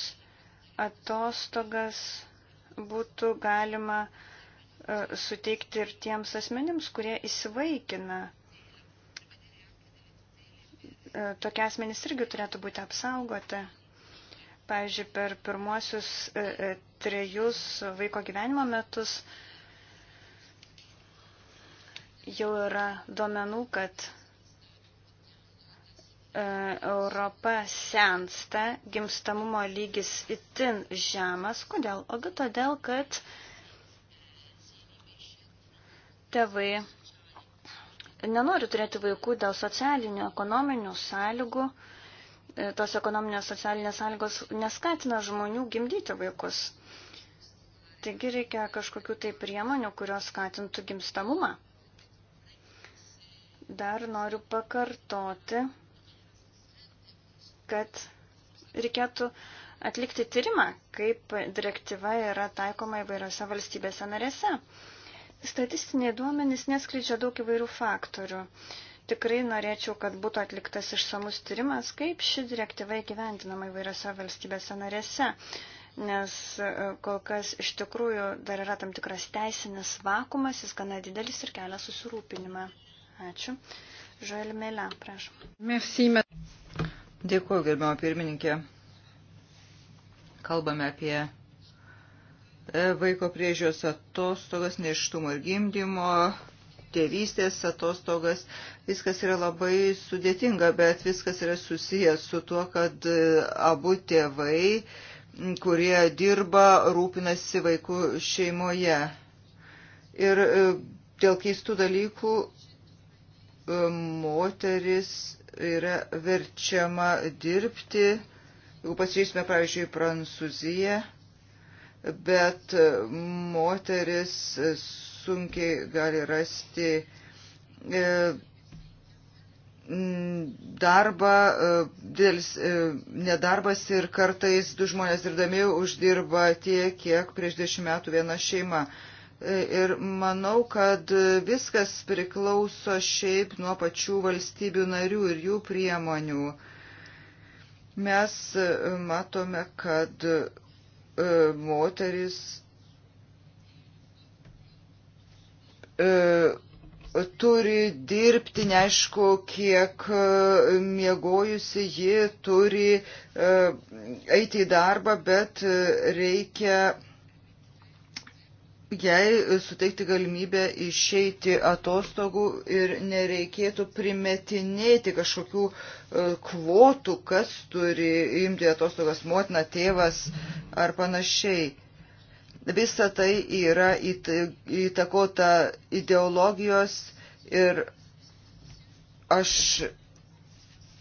atostogas būtų galima e, suteikti ir tiems asmenims, kurie įsivaikina. E, tokie asmenys irgi turėtų būti apsaugoti. Pavyzdžiui, per pirmuosius e, trejus vaiko gyvenimo metus jau yra duomenų, kad E, Europa sensta, gimstamumo lygis itin žemas. Kodėl? Ogi todėl, kad tėvai nenori turėti vaikų dėl socialinių, ekonominių sąlygų. E, tos ekonominės socialinės sąlygos neskatina žmonių gimdyti vaikus. Taigi reikia kažkokių tai priemonių, kurios skatintų gimstamumą. Dar noriu pakartoti kad reikėtų atlikti tyrimą, kaip direktyva yra taikoma įvairiose valstybėse narėse. Statistiniai duomenys neskleidžia daug įvairių faktorių. Tikrai norėčiau, kad būtų atliktas išsamus tyrimas, kaip ši direktyva įgyvendinama įvairiose valstybėse narėse, nes e, kol kas iš tikrųjų dar yra tam tikras teisinis vakumas, jis gana didelis ir kelia susirūpinimą. Ačiū. Žuelmėlė, prašom. Merci, Dėkuoju, gerbiamą pirmininkę. Kalbame apie e, vaiko priežios atostogas, neštumo ir gimdymo, tėvystės atostogas. Viskas yra labai sudėtinga, bet viskas yra susijęs su tuo, kad e, abu tėvai, kurie dirba, rūpinasi vaikų šeimoje. Ir e, dėl keistų dalykų moteris yra verčiama dirbti, jeigu pasižiūrėsime, pavyzdžiui, Prancūziją, bet moteris sunkiai gali rasti e, darbą, e, didelis e, nedarbas ir kartais du žmonės dirbdami uždirba tiek, kiek prieš dešimt metų viena šeima. Ir manau, kad viskas priklauso šiaip nuo pačių valstybių narių ir jų priemonių. Mes e, matome, kad e, moteris e, turi dirbti, neaišku, kiek miegojusi ji turi eiti į darbą, bet reikia jai suteikti galimybę išeiti atostogų ir nereikėtų primetinėti kažkokių e, kvotų, kas turi imti atostogas motina, tėvas ar panašiai. Visa tai yra įtakota ideologijos ir aš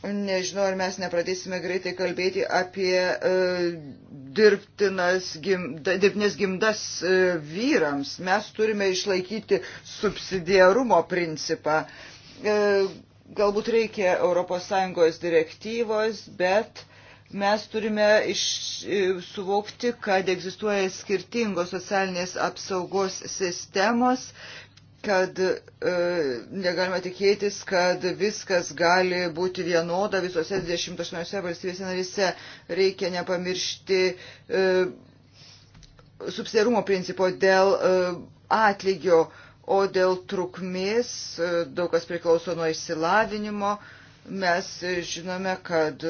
Nežinau, ar mes nepradėsime greitai kalbėti apie e, dirbtinas gimda, dirbtinės gimdas e, vyrams. Mes turime išlaikyti subsidiarumo principą. E, galbūt reikia ES direktyvos, bet mes turime iš, e, suvokti, kad egzistuoja skirtingos socialinės apsaugos sistemos kad e, negalima tikėtis, kad viskas gali būti vienoda visose 28 valstybėse narise. Reikia nepamiršti e, subsidiarumo principo dėl e, atlygio, o dėl trukmės e, daug kas priklauso nuo išsilavinimo. Mes žinome, kad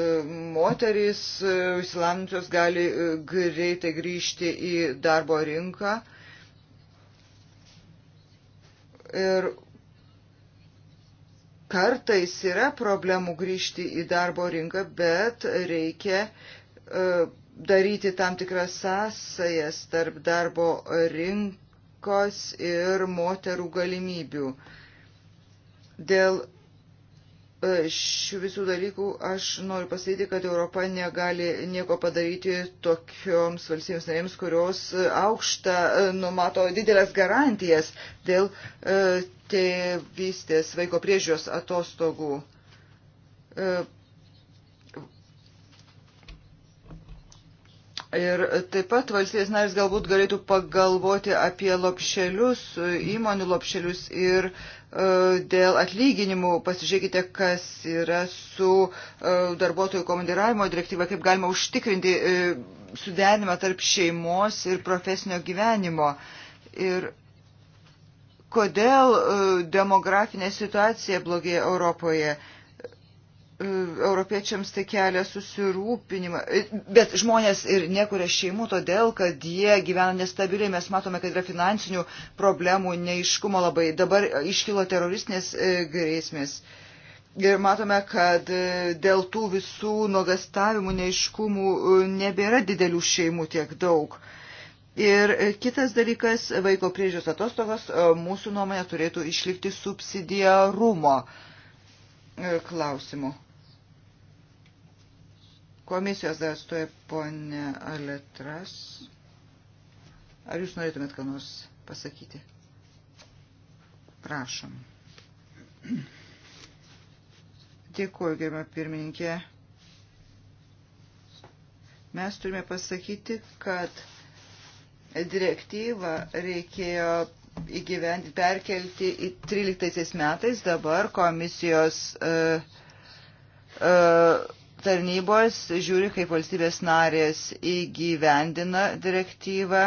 moterys e, išsilavinusios gali e, greitai grįžti į darbo rinką. E, ir kartais yra problemų grįžti į darbo rinką, bet reikia e, daryti tam tikras sąsajas tarp darbo rinkos ir moterų galimybių. Dėl E, šių visų dalykų aš noriu pasakyti, kad Europa negali nieko padaryti tokioms valstybėms narėms, kurios aukštą e, numato didelės garantijas dėl e, tėvystės vaiko priežiūros atostogų. Ir taip pat valstybės narės galbūt galėtų pagalvoti apie lopšelius, įmonių lopšelius ir uh, E, dėl atlyginimų, pasižiūrėkite, kas yra su e, darbuotojų komandiravimo direktyva, kaip galima užtikrinti e, suderinimą tarp šeimos ir profesinio gyvenimo. Ir kodėl demografinė situacija blogėja Europoje europiečiams tai kelia susirūpinimą. Bet žmonės ir nekuria šeimų todėl, kad jie gyvena nestabiliai. Mes matome, kad yra finansinių problemų, neiškumo labai. Dabar iškilo teroristinės e, grėsmės. Ir matome, kad e, dėl tų visų nuogastavimų, neiškumų e, nebėra didelių šeimų tiek daug. Ir kitas dalykas, vaiko priežiūros atostogos mūsų nuomonė turėtų išlikti subsidiarumo klausimu. Komisijos dar stoja ponė Aletras. Ar jūs norėtumėt ką nors pasakyti? Prašom. Dėkuoju, gerbama pirmininkė. Mes turime pasakyti, kad direktyvą reikėjo įgyventi, perkelti į 13 metais dabar komisijos uh, uh, tarnybos žiūri, kaip valstybės narės įgyvendina direktyvą,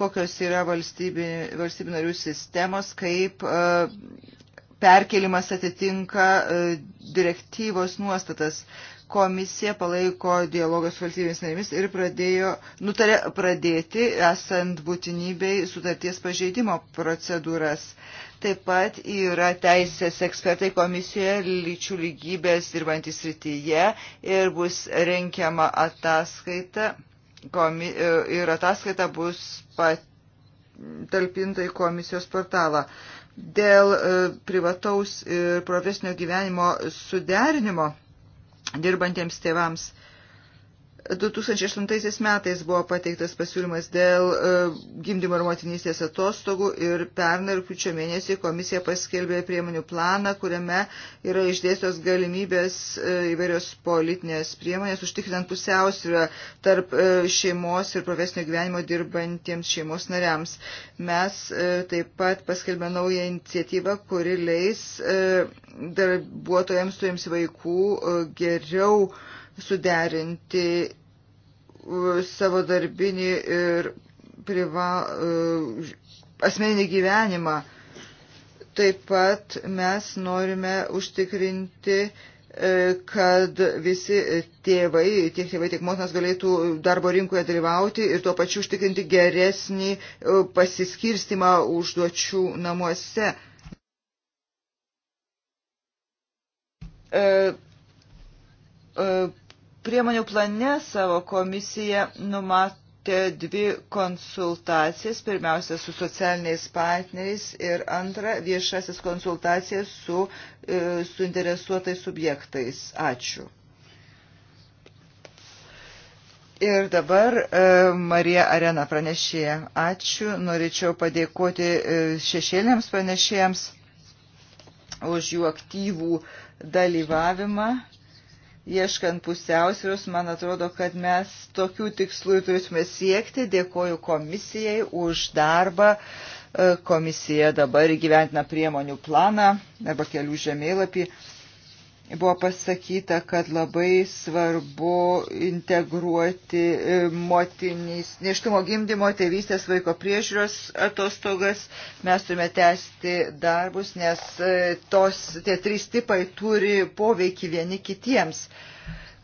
kokios yra valstybių, valstybių narių sistemos, kaip e, perkelimas atitinka e, direktyvos nuostatas komisija palaiko dialogą su valstybėmis narėmis ir pradėjo, nutarė pradėti, esant būtinybei, sutarties pažeidimo procedūras. Taip pat yra teisės ekspertai komisijoje lyčių lygybės dirbantys rytyje ir bus renkiama ataskaita komi, e, ir ataskaita bus patalpinta į komisijos portalą. Dėl e, privataus ir profesinio gyvenimo suderinimo dirbantiems tėvams. 2008 metais buvo pateiktas pasiūlymas dėl e, gimdymo ir motinystės atostogų ir pernai rūpiučio mėnesį komisija paskelbė priemonių planą, kuriame yra išdėstos galimybės e, įvairios politinės priemonės, užtikrinant pusiausvyrą tarp e, šeimos ir profesinio gyvenimo dirbantiems šeimos nariams. Mes taip pat paskelbė naują iniciatyvą, kuri leis darbuotojams turėjams vaikų geriau suderinti savo darbinį ir priva, e, asmeninį gyvenimą. Taip pat mes norime užtikrinti, e, kad visi tėvai, tiek tėvai, tiek motinas galėtų darbo rinkoje dalyvauti ir tuo pačiu užtikrinti geresnį e, pasiskirstimą užduočių namuose. E, e, priemonių plane savo komisija numatė dvi konsultacijas, pirmiausia su socialiniais partneriais ir antra viešasis konsultacijas su e, suinteresuotais subjektais. Ačiū. Ir dabar e, Marija Arena pranešėja. Ačiū. Norėčiau padėkoti e, šešėliams pranešėjams už jų aktyvų dalyvavimą ieškant pusiausvėros, man atrodo, kad mes tokių tikslų turėtume siekti. Dėkoju komisijai už darbą. E, komisija dabar įgyventina priemonių planą arba kelių žemėlapį. Buvo pasakyta, kad labai svarbu integruoti e, motinys, neštumo gimdymo, tėvystės vaiko priežiūros atostogas. Mes turime tęsti darbus, nes e, tos, tie trys tipai turi poveikį vieni kitiems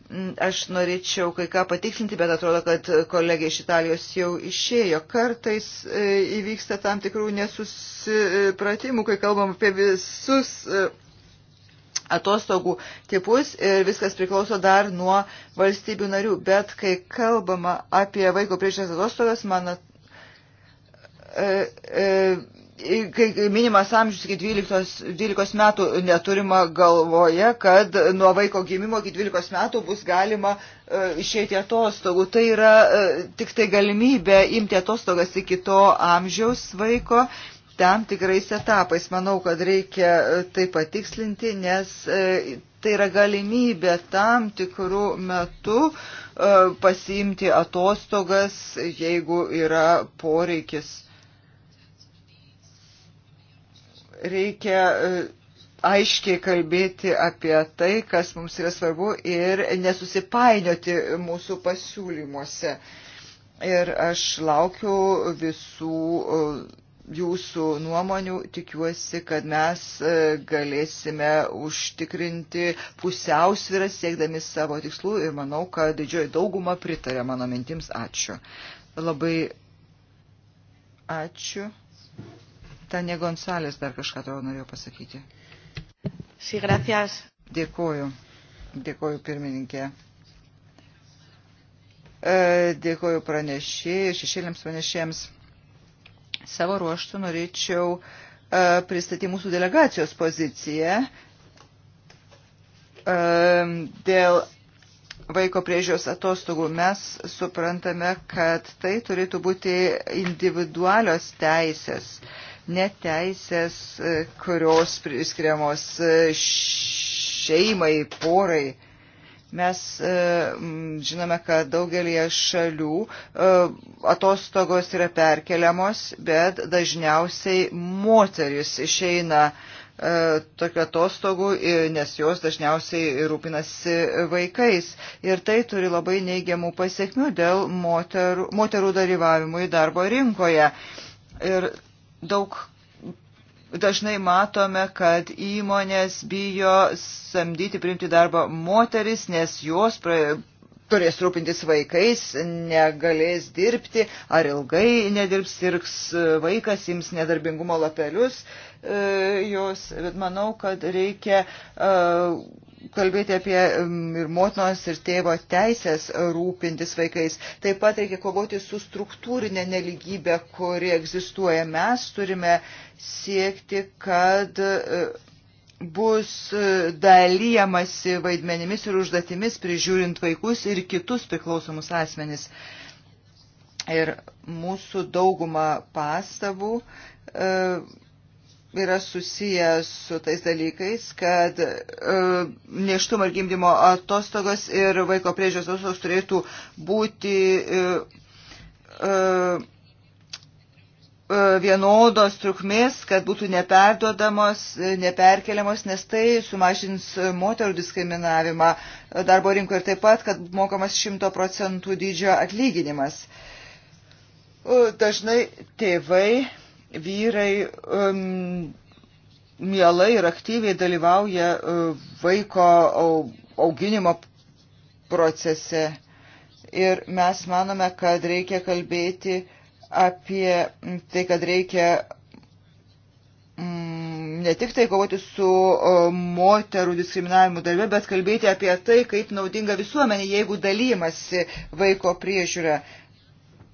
mm, aš norėčiau kai ką patikslinti, bet atrodo, kad kolegė iš Italijos jau išėjo. Kartais e, įvyksta tam tikrų nesusipratimų, kai kalbam apie visus atostogų tipus ir viskas priklauso dar nuo valstybių narių. Bet kai kalbama apie vaiko priežiūros atostogas, man at... e, e, kai minimas amžius iki 12, 12 metų neturima galvoje, kad nuo vaiko gimimo iki 12 metų bus galima e, išėti atostogų. Tai yra e, tik tai galimybė imti atostogas iki to amžiaus vaiko. E, tam tikrais etapais. Manau, kad reikia e, tai patikslinti, nes e, tai yra galimybė tam tikrų metų e, pasiimti atostogas, jeigu yra poreikis. Reikia aiškiai kalbėti apie tai, kas mums yra svarbu ir nesusipainioti mūsų pasiūlymuose. Ir aš laukiu visų jūsų nuomonių. Tikiuosi, kad mes e, galėsime užtikrinti pusiausvyrą siekdami savo tikslų ir manau, kad didžioji dauguma pritarė mano mintims. Ačiū. Labai ačiū. Tanja Gonsalės dar kažką tau norėjo pasakyti. Sí, gracias. Dėkuoju. Dėkuoju pirmininkė. E, Dėkuoju pranešėjai, šešėliams pranešėjams. Savo ruoštų norėčiau e, pristatyti mūsų delegacijos poziciją e, dėl vaiko priežiūros atostogų. Mes suprantame, kad tai turėtų būti individualios teisės, ne teisės, e, kurios priskiriamos šeimai, porai. Mes e, žinome, kad daugelie šalių e, atostogos yra perkeliamos, bet dažniausiai moteris išeina e, tokio atostogų, nes jos dažniausiai rūpinasi vaikais. Ir tai turi labai neigiamų pasiekmių dėl moterų, moterų dalyvavimui darbo rinkoje. Ir daug dažnai matome, kad įmonės bijo samdyti, priimti darbą moteris, nes jos pra, turės rūpintis vaikais, negalės dirbti, ar ilgai nedirbs, sirgs vaikas, jums nedarbingumo lapelius. E, jos, bet manau, kad reikia. E, kalbėti apie ir motinos, ir tėvo teisės rūpintis vaikais. Taip pat reikia kovoti su struktūrinė neligybė, kuri egzistuoja. Mes turime siekti, kad e, bus e, dalyjamasi vaidmenimis ir užduotimis prižiūrint vaikus ir kitus priklausomus asmenis. Ir mūsų dauguma pastabų e, yra susijęs su tais dalykais, kad e, neštumo ir gimdymo atostogos ir vaiko priežios atostogos turėtų būti e, e, e, vienodos trukmės, kad būtų neperduodamos, e, neperkeliamos, nes tai sumažins moterų diskriminavimą darbo rinkoje ir taip pat, kad mokamas 100 procentų dydžio atlyginimas. E, dažnai tėvai vyrai um, mielai ir aktyviai dalyvauja uh, vaiko auginimo procese. Ir mes manome, kad reikia kalbėti apie tai, kad reikia mm, ne tik tai kovoti su o, e, moterų diskriminavimu darbe, bet kalbėti apie tai, kaip naudinga visuomenė, jeigu dalymasi vaiko priežiūra.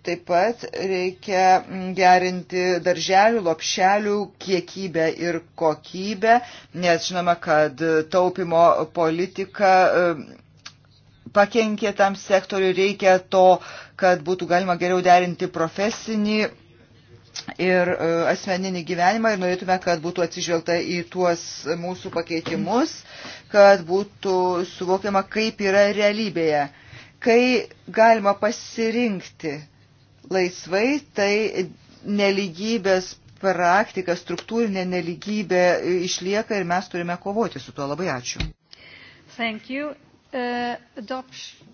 Taip pat reikia gerinti darželių, lopšelių kiekybę ir kokybę, nes žinoma, kad taupimo politika e, pakenkė tam sektoriui, reikia to, kad būtų galima geriau derinti profesinį ir e, asmeninį gyvenimą ir norėtume, kad būtų atsižvelgta į tuos mūsų pakeitimus, kad būtų suvokiama, kaip yra realybėje, kai galima pasirinkti laisvai, tai neligybės praktika, struktūrinė neligybė išlieka ir mes turime kovoti su tuo. Labai ačiū. Thank you. Uh, adoption.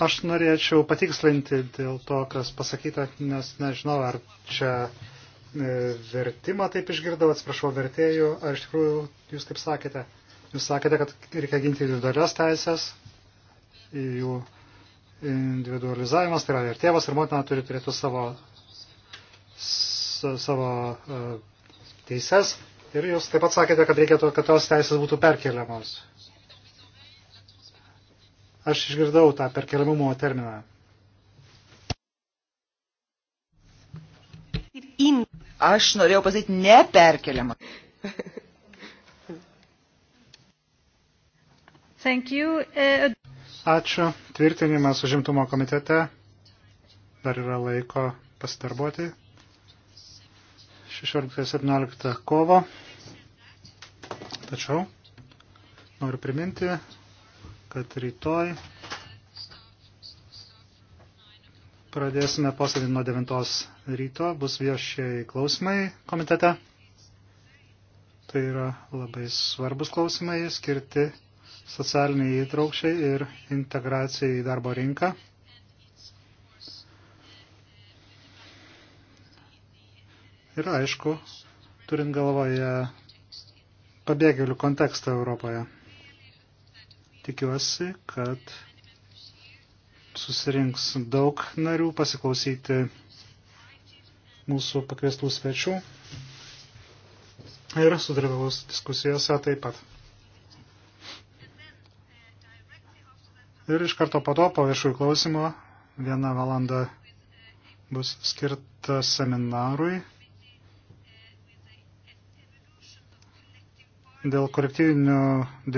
Aš norėčiau patikslinti dėl to, kas pasakyta, nes nežinau, ar čia e, vertimą taip išgirdau, atsiprašau vertėjų, ar iš tikrųjų jūs taip sakėte. Jūs sakėte, kad reikia ginti individualias teisės, jų individualizavimas, tai yra ir tėvas, ir motina turi turėti savo, savo e, teises. Ir jūs taip pat sakėte, kad reikėtų, kad tos teisės būtų perkeliamos. Aš išgirdau tą perkeliamumo terminą. Aš norėjau pasakyti neperkeliamą. Thank you. Uh... Ačiū. Tvirtinimas užimtumo komitete. Dar yra laiko pasidarbuoti. 16-17 kovo. Tačiau noriu priminti, kad rytoj pradėsime posėdį nuo 9 ryto. Bus viešiai klausimai komitete. Tai yra labai svarbus klausimai skirti socialiniai įtraukščiai ir integracijai į darbo rinką. Ir aišku, turint galvoje pabėgėlių kontekstą Europoje. Tikiuosi, kad susirinks daug narių pasiklausyti mūsų pakviestų svečių ir sudalyvaus diskusijose taip pat. Ir iš karto po to, po viešųjų klausimo, viena valanda bus skirta seminarui dėl kolektyvinių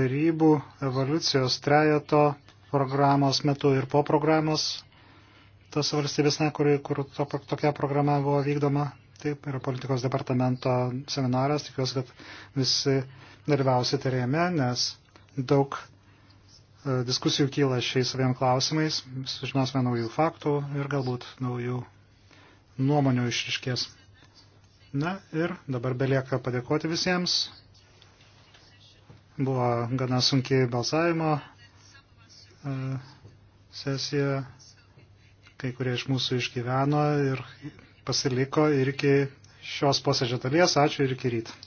dėrybų evoliucijos trejato programos metu ir po programos tas valstybės, ne, kur, kur to, tokia programa buvo vykdoma. Taip, yra politikos departamento seminaras, tikiuosi, kad visi dalyvausite rėme, nes daug E, diskusijų kyla šiais abiem klausimais, sužinosime naujų faktų ir galbūt naujų nuomonių išriškės. Na ir dabar belieka padėkoti visiems. Buvo gana sunki balsavimo e, sesija, kai kurie iš mūsų išgyveno ir pasiliko ir iki šios posėdžio dalies. Ačiū ir iki ryto.